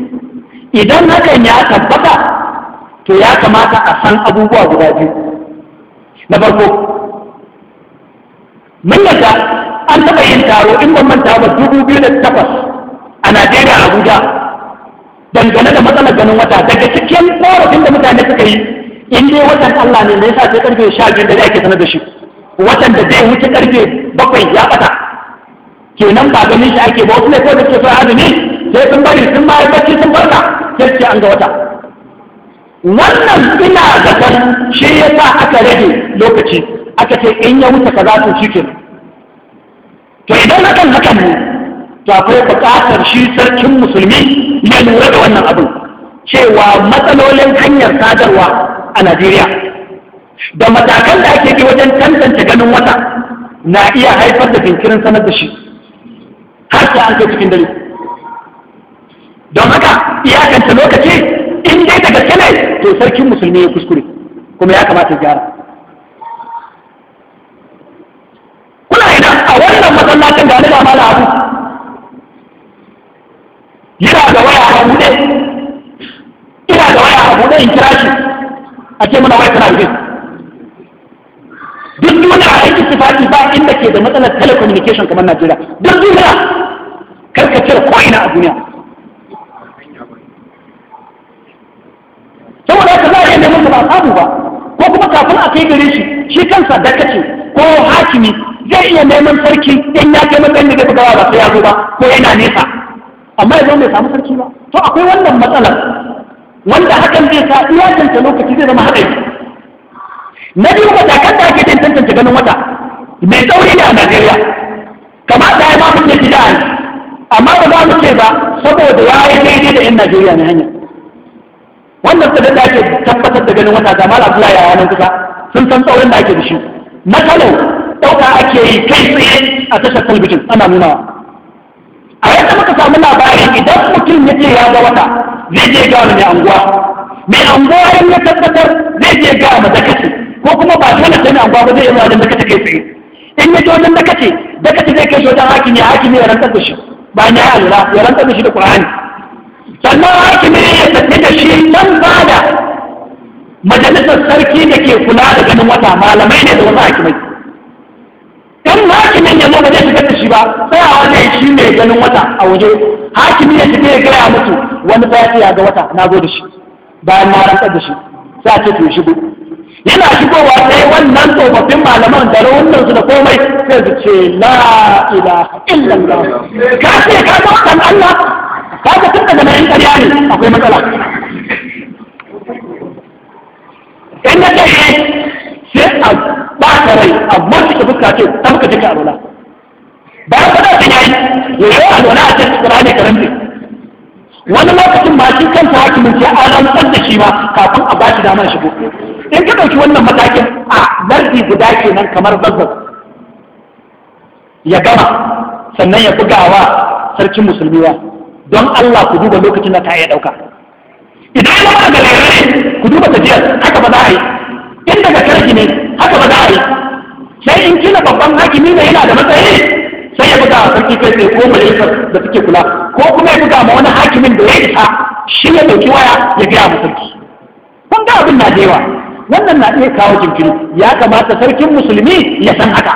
idan hakan ya tabbata to ya kamata a san abubuwa guda biyu na farko mun yadda an taɓa yin taro in ban manta ba dubu biyu da takwas a najeriya abuja dangane da matsalar ganin wata daga cikin korafin da mutane suka yi in dai watan allah ne da yasa sai karfe sha biyu da ake sanar da shi watan da zai wuce karfe bakwai ya ɓata kenan ba ganin shi ake ba wasu ne ko da ke so azumi sai sun bari sun bayar bacci sun farka yake an ga wata wannan ina kan shi ya sa aka rage lokaci aka ce in ya wuce kaza to shi kenan to idan hakan hakan ne to akwai bukatar shi sarkin musulmi ya lura da wannan abu cewa matsalolin hanyar sadarwa a Najeriya da matakan da ake yi wajen tantance ganin wata na iya haifar da jinkirin sanar da shi har sai an kai cikin dare don haka iyakanta lokaci in dai daga gaske to sarkin musulmi ya kuskure kuma ya kamata ya gyara kuna ina a wannan masallacin da na mala abu yana da waya a bude ina da waya a bude in kira shi a ce mana waya tana da duk duniya a yankin tufafi ba inda ke da matsalar telecommunication kamar Najeriya duk duniya karkacin ko ina a duniya saboda haka za a iya neman ba samu ba ko kuma kafin a kai gare shi shi kansa kace ko hakimi zai iya neman sarki in ya kai matsayin da zai fitawa ba sai ya zo ba ko yana nesa amma yanzu bai samu sarki ba to akwai wannan matsalar wanda hakan zai sa iya tantance lokaci zai zama haɗari na biyu matakan da ake tantance ganin wata mai tsauri ne a Najeriya da ya ma fi ne ji amma ba za mu ce ba saboda ya yi daidai da 'yan Najeriya ne hanyar wannan ta da ake tabbatar da ganin wata ga mal abdullahi ya nan kusa sun san tsaurin da ake da shi na ɗauka ake yi kai tsaye a tashar talbijin ana nuna a yadda muka samu labarin idan mutum ya ce ya ga wata zai je ga mai anguwa mai anguwa in ya tabbatar zai je ga dakaci, ko kuma ba dole sai mai anguwa ba zai yi wajen dakaci kai tsaye in ya je wajen dakaci dakaci zai kai shi wajen hakimi hakimi ya rantsar da shi ba ya alura ya rantsar da shi da qur'ani sannan hakimi ya tafi da shi ba da majalisar sarki da ke kula da ganin wata malamai ne da wasu hakimai in hakimin ya zo ba zai shiga da shi ba sai a wannan shi mai ganin wata a waje hakimi ya tafi ya gaya musu wani bayan ya ga wata na zo da shi bayan na rantsar da shi sai a ce to shigo yana shigowa sai wannan tsofaffin malaman da rawunan su da komai sai su ce la ilaha illallah ka ce ka ga Allah ta ga tun daga nan ƙarya ne akwai matsala in na kai sai a ba ta rai a masu ka fuska ce ta muka jika alwala Ba ka zai yayi ya yi alwala a cikin ƙura ne karanta wani lokacin ma shi kansa hakimin sai an rantsar da shi ba kafin a ba shi dama shigo in ka ɗauki wannan matakin a lardi guda kenan kamar zazzab ya gama sannan ya bugawa sarkin musulmi wa don Allah ku duba lokacin da ta yi ɗauka idan ya ba daga ne ku duba tafiyar haka ba za a yi in daga karfi ne haka ba za a yi sai in kila babban hakimi ne yana da matsayi sai ya buga sarki kai tsaye ko malaikar da suke kula ko kuma ya buga ma wani hakimin da ya isa shi ya ɗauki waya ya gaya mu sarki kun ga abin na jewa wannan na iya kawo jinkiri ya kamata sarkin musulmi ya san haka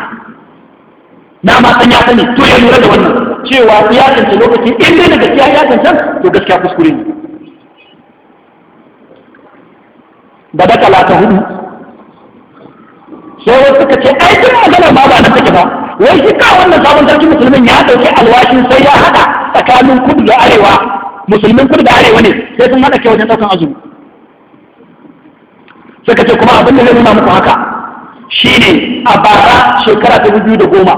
na ma san ya sani to ya lura da wannan cewa ya zance lokaci in dai da gaskiya ya tantance to gaskiya kuskure ne da daga lata hudu sai wasu suka ce ai duk magana ba ba na take ba wai shi ka wannan sabon sarki musulmin ya dauki alwashin sai ya hada tsakanin kudu da arewa musulmin kudu da arewa ne sai sun hada kai wajen daukan azumi suka ce kuma abin da zai nuna muku haka shine a bara shekara ta biyu da goma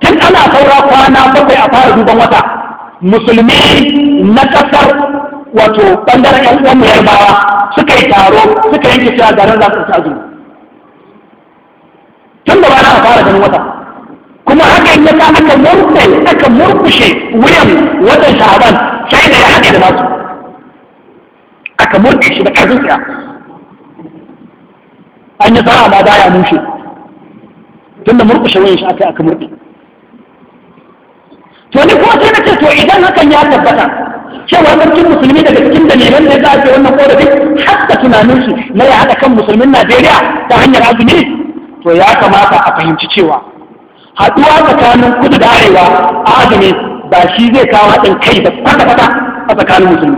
tun ana saura kwana bakwai a fara duban wata musulmi na kasar wato bangaren yan uwan mu yarbawa suka yi taro suka yanke cewa garin za su ci azumi tun da bana a fara ganin wata kuma haka ya yasa aka murɗe aka murkushe wuyan watan sha'aban china ya haɗe da nasu aka murɗe shi da ƙarfin tsiya an yi sa'a ba da ya mushe tun da murkushe wuyan shi aka yi aka murɗe to ni kuma sai na ce to idan hakan ya tabbata cewa sarkin musulmi daga cikin dalilan da za a ce wannan korafin hatta tunaninsu na ya haɗa kan musulmin najeriya ta hanyar azumi to ya kamata a fahimci cewa haɗuwa tsakanin kudu da arewa a azumi ba shi zai kawo haɗin kai da kwata-kwata a tsakanin musulmi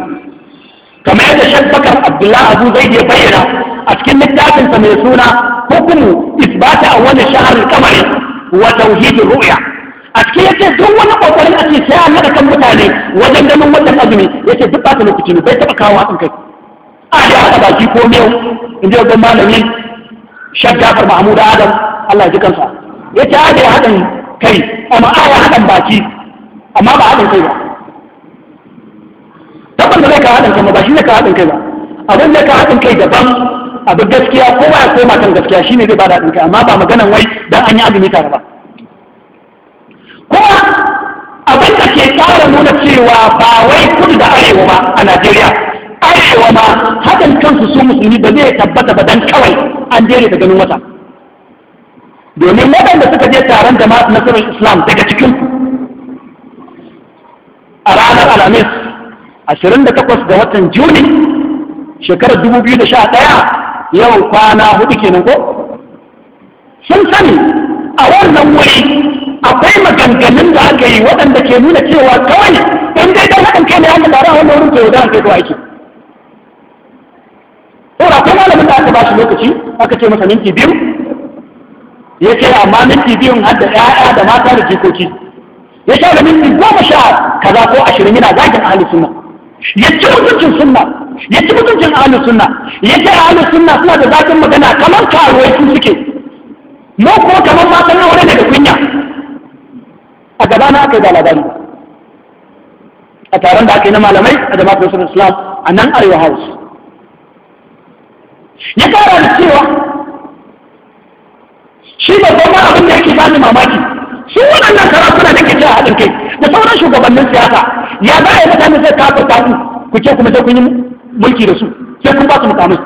kamar yadda shabbakar abdullahi abu zai ya bayyana a cikin littafinsa mai suna hukumu isbata a wani shahar kamar wa tauhidin ru'ya a cikin yace duk wani kokarin a ce sai an haɗa kan mutane wajen ganin wannan azumi yace duk ɓata lokaci ne bai taɓa kawo haɗin kai a da haɗa baki ko miyau in ji wajen malami Shaddafar jafar mahmud adam allah ji kansa yace a da haɗin kai amma a ya haɗin baki amma ba haɗin kai ba tabbas ba zai ka haɗin kai ba ba shi ne ka haɗin kai ba abin zai ka haɗin kai daban abu gaskiya kowa ya koma kan gaskiya shine zai ba da haɗin kai amma ba maganan wai dan an yi azumi tare ba cewa ba wai kudu da arewa ba a Najeriya arewa ma hakan kansu su musulmi ba zai tabbata ba dan kawai an dare ta ganin wata domin waɗanda suka je taron masu nasarar islam daga cikin a ranar alhamis 28 ga watan juni shekarar 2011 yau kwana hudu kenan ko sun sani a wannan wuri akwai maganganun da aka yi waɗanda ke nuna cewa kawai in dai dan haɗin kai ne aka tsara wanda wurin to wajen kai zuwa aiki to kuma malamin da aka ba shi lokaci aka ce masa minti biyu ya ce amma minti biyun har da ƴaƴa da mata da jikoki ya sha da minti goma sha kaza ko ashirin yana zagin ahli sunna ya ci mutuncin sunna ya ci mutuncin ahli sunna ya ce ahli sunna suna da zafin magana kamar karuwai su suke mu ko kamar matan aure daga kunya a gaba na aka yi ba a taron da aka yi na malamai a jama'a profesor islam a nan arewa house ya kara da cewa shi babban ma abin da yake bani mamaki su waɗannan sarakuna da ke cewa haɗin kai da sauran shugabannin siyasa ya za a yi mutane zai kafin tafi ku ce kuma sai kun yi mulki da su sai kun ba su mutanen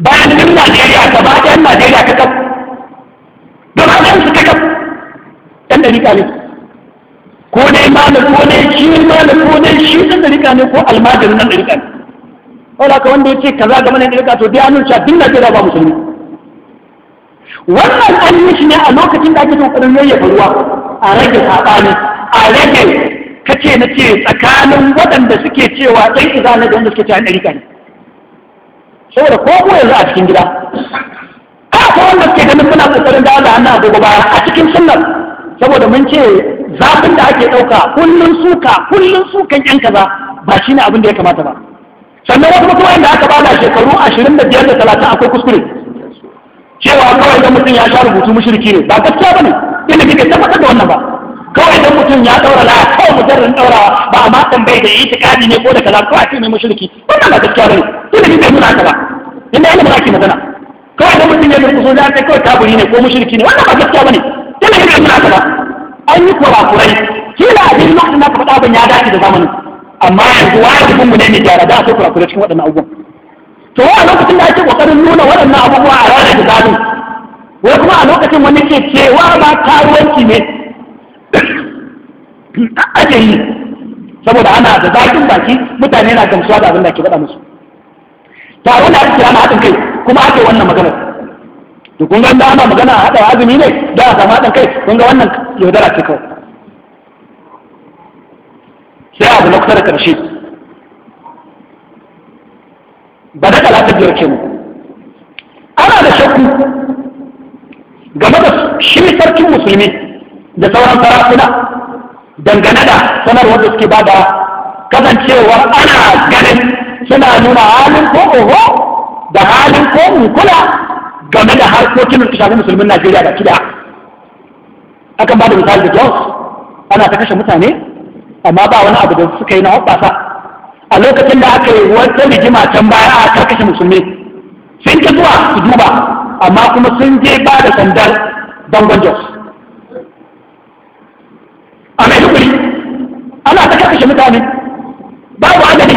bayan duk Najeriya gaba ɗayan Najeriya ka kaf gaba ɗayan su ka kafa ɗarika ne ko dai malam ko dai shi malam ko dai shi ɗan ɗarika ne ko almajirin ɗan ɗarika ne wala ka wanda ya ce kaza game da ɗarika to dai an nuna duk Najeriya ba musulmi wannan an yi shi ne a lokacin da ake kokarin yayyafa ruwa a rage saɓani a rage kace na ce tsakanin waɗanda suke cewa ɗan izana da wanda suke cewa ɗarika ne saboda ko ko yanzu a cikin gida ka ko wanda suke ganin muna kokarin da Allah hannu a gobe ba a cikin sunnar saboda mun ce zafin da ake ɗauka kullum suka kullum sukan yan kaza ba shine abin da ya kamata ba sannan wasu kuma wanda aka bada shekaru ashirin da biyar da talatin akwai kuskure cewa kawai idan mutum ya sha rubutu mushriki ne ba gaskiya bane inda bai tabbatar da wannan ba kawai idan mutum ya daura la kawai mujarrin daura ba amma tambaye da itikadi ne ko da kaza kawai ce mai mushriki wannan ba gaskiya bane inda bai nuna haka ba inda ilimin ake magana kawai da mutum ya rubutu za ta kawai kafiri ne ko mushriki ne wannan ba gaskiya bane bai kula ta ba an yi kurakurai kila abin nan na faɗa ban ya dace da zamanin amma yanzu wajibin mu ne ne gyara da akwai kurakurai cikin waɗannan abubuwan to a lokacin da ake kokarin nuna waɗannan abubuwa a ranar da zaɓi wai kuma a lokacin wani ke cewa ba karuwanci ne [COUGHS] ake yi saboda ana da zaƙin baki mutane na gamsuwa da abin da ke faɗa musu ta wanda ake kira na haɗin kai kuma ake wannan maganar Da kun ga ana magana a azumi ne da a madan kai kun ga wannan yaudara ce kawai sai a zama kusa da karshe. ba da kala ta biyar ke mu ana da shakku game da shi sarkin musulmi da sauran sarakuna dangane da sanarwar da suke ba da kasancewa ana ganin suna nuna halin ko oho da halin ko kula game da harkokin da shafi musulmin Najeriya da kida akan ba da misali da Jos ana ta kashe mutane amma ba wani abu da suka yi na hoɓɓasa a lokacin da aka yi wata rigima can baya a ta kashe musulmi sun ta zuwa su duba amma kuma sun je ba da sandar bangon Jos a hukuri ana ta kashe mutane babu adadi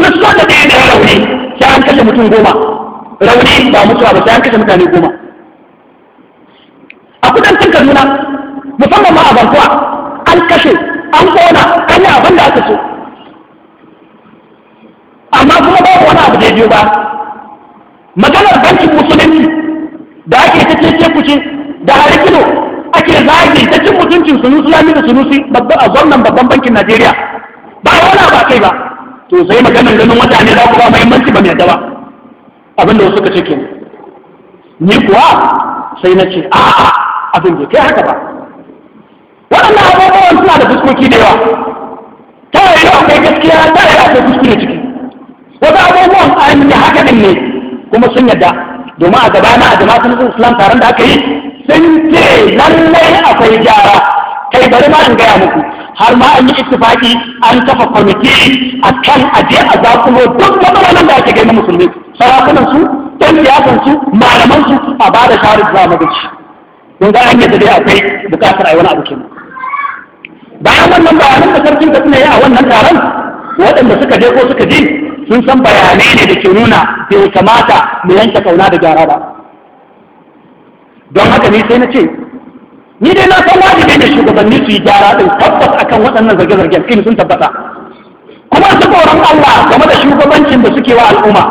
duk sanda da ya rauni sai an kashe mutum goma rauni ba mutuwa ba sai an kashe mutane goma a kudancin kaduna musamman ma a bankuwa an kashe an kona an yi abin da aka so amma kuma babu wani abu da ya biyo ba maganar bankin musulunci da ake ta cece kuce da hari kilo ake zagi ta cin mutuncin sunusu lami da sunusi a gwamnan babban bankin najeriya ba wani abu a kai ba to sai maganar ganin wata ne, za ku ba muhimmanci ba mai dawa abin da suka ce ke ni kuwa sai na ce a abin bai kai haka ba waɗannan abubuwan suna da fuskoki da yawa ta yi akwai gaskiya ta yi akwai kuskure ciki wasu abubuwan an yi haka ne kuma sun yadda domin a na a jama'a sun islam taron da aka yi sun ce lallai akwai gyara kai bari ma in gaya muku har ma an yi ittifaki an kafa kwamiti a kan aje a zakulo duk matsalolin da ake gani musulmi sarakunan su ɗan siyasan su malaman su a ba da shawarar zuwa magaci don ga an yadda dai akwai bukatar a wani abu bayan wannan bayanan da sarkin da suna yi a wannan taron waɗanda suka je ko suka je sun san bayanai ne da ke nuna bai kamata mu yanke kauna da gyara ba don haka ne sai na ce ni dai na san wajibi ne shugabanni su yi gyara din tabbas akan waɗannan zarge-zargen in sun tabbata kuma su Allah game da shugabancin da suke wa al'umma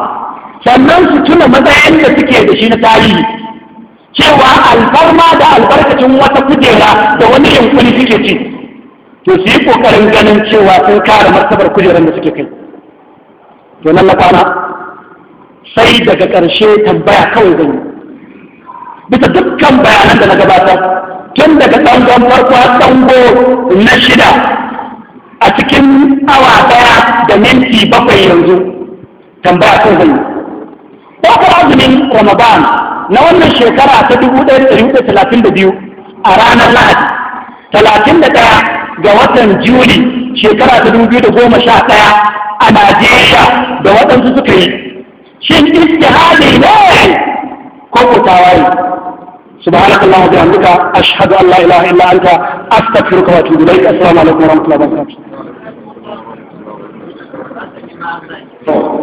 sannan su tuna matsayin da suke da shi na tarihi cewa alfarma da albarkacin wata kujera da wani yankuri suke ci to su yi kokarin ganin cewa sun kare martabar kujerar da suke kai to nan na kwana sai daga ƙarshe tambaya kawai zan bisa dukkan bayanan da na gabata. tun daga ɗangon farko har ɗango na shida a cikin awa ɗaya da minti bakwai yanzu tambaya kawai zan ɗaukar azumin ramadan na wannan shekara ta dubu ɗaya da biyu a ranar lahadi talatin da ɗaya ga watan juli shekara ta dubu biyu da goma sha ɗaya a najeriya da waɗansu suka yi shin hali ne ko ko tawaye سبحانك اللهم وبحمدك أشهد أن لا إله إلا أنت أستغفرك وأتوب إليك السلام عليكم ورحمة الله وبركاته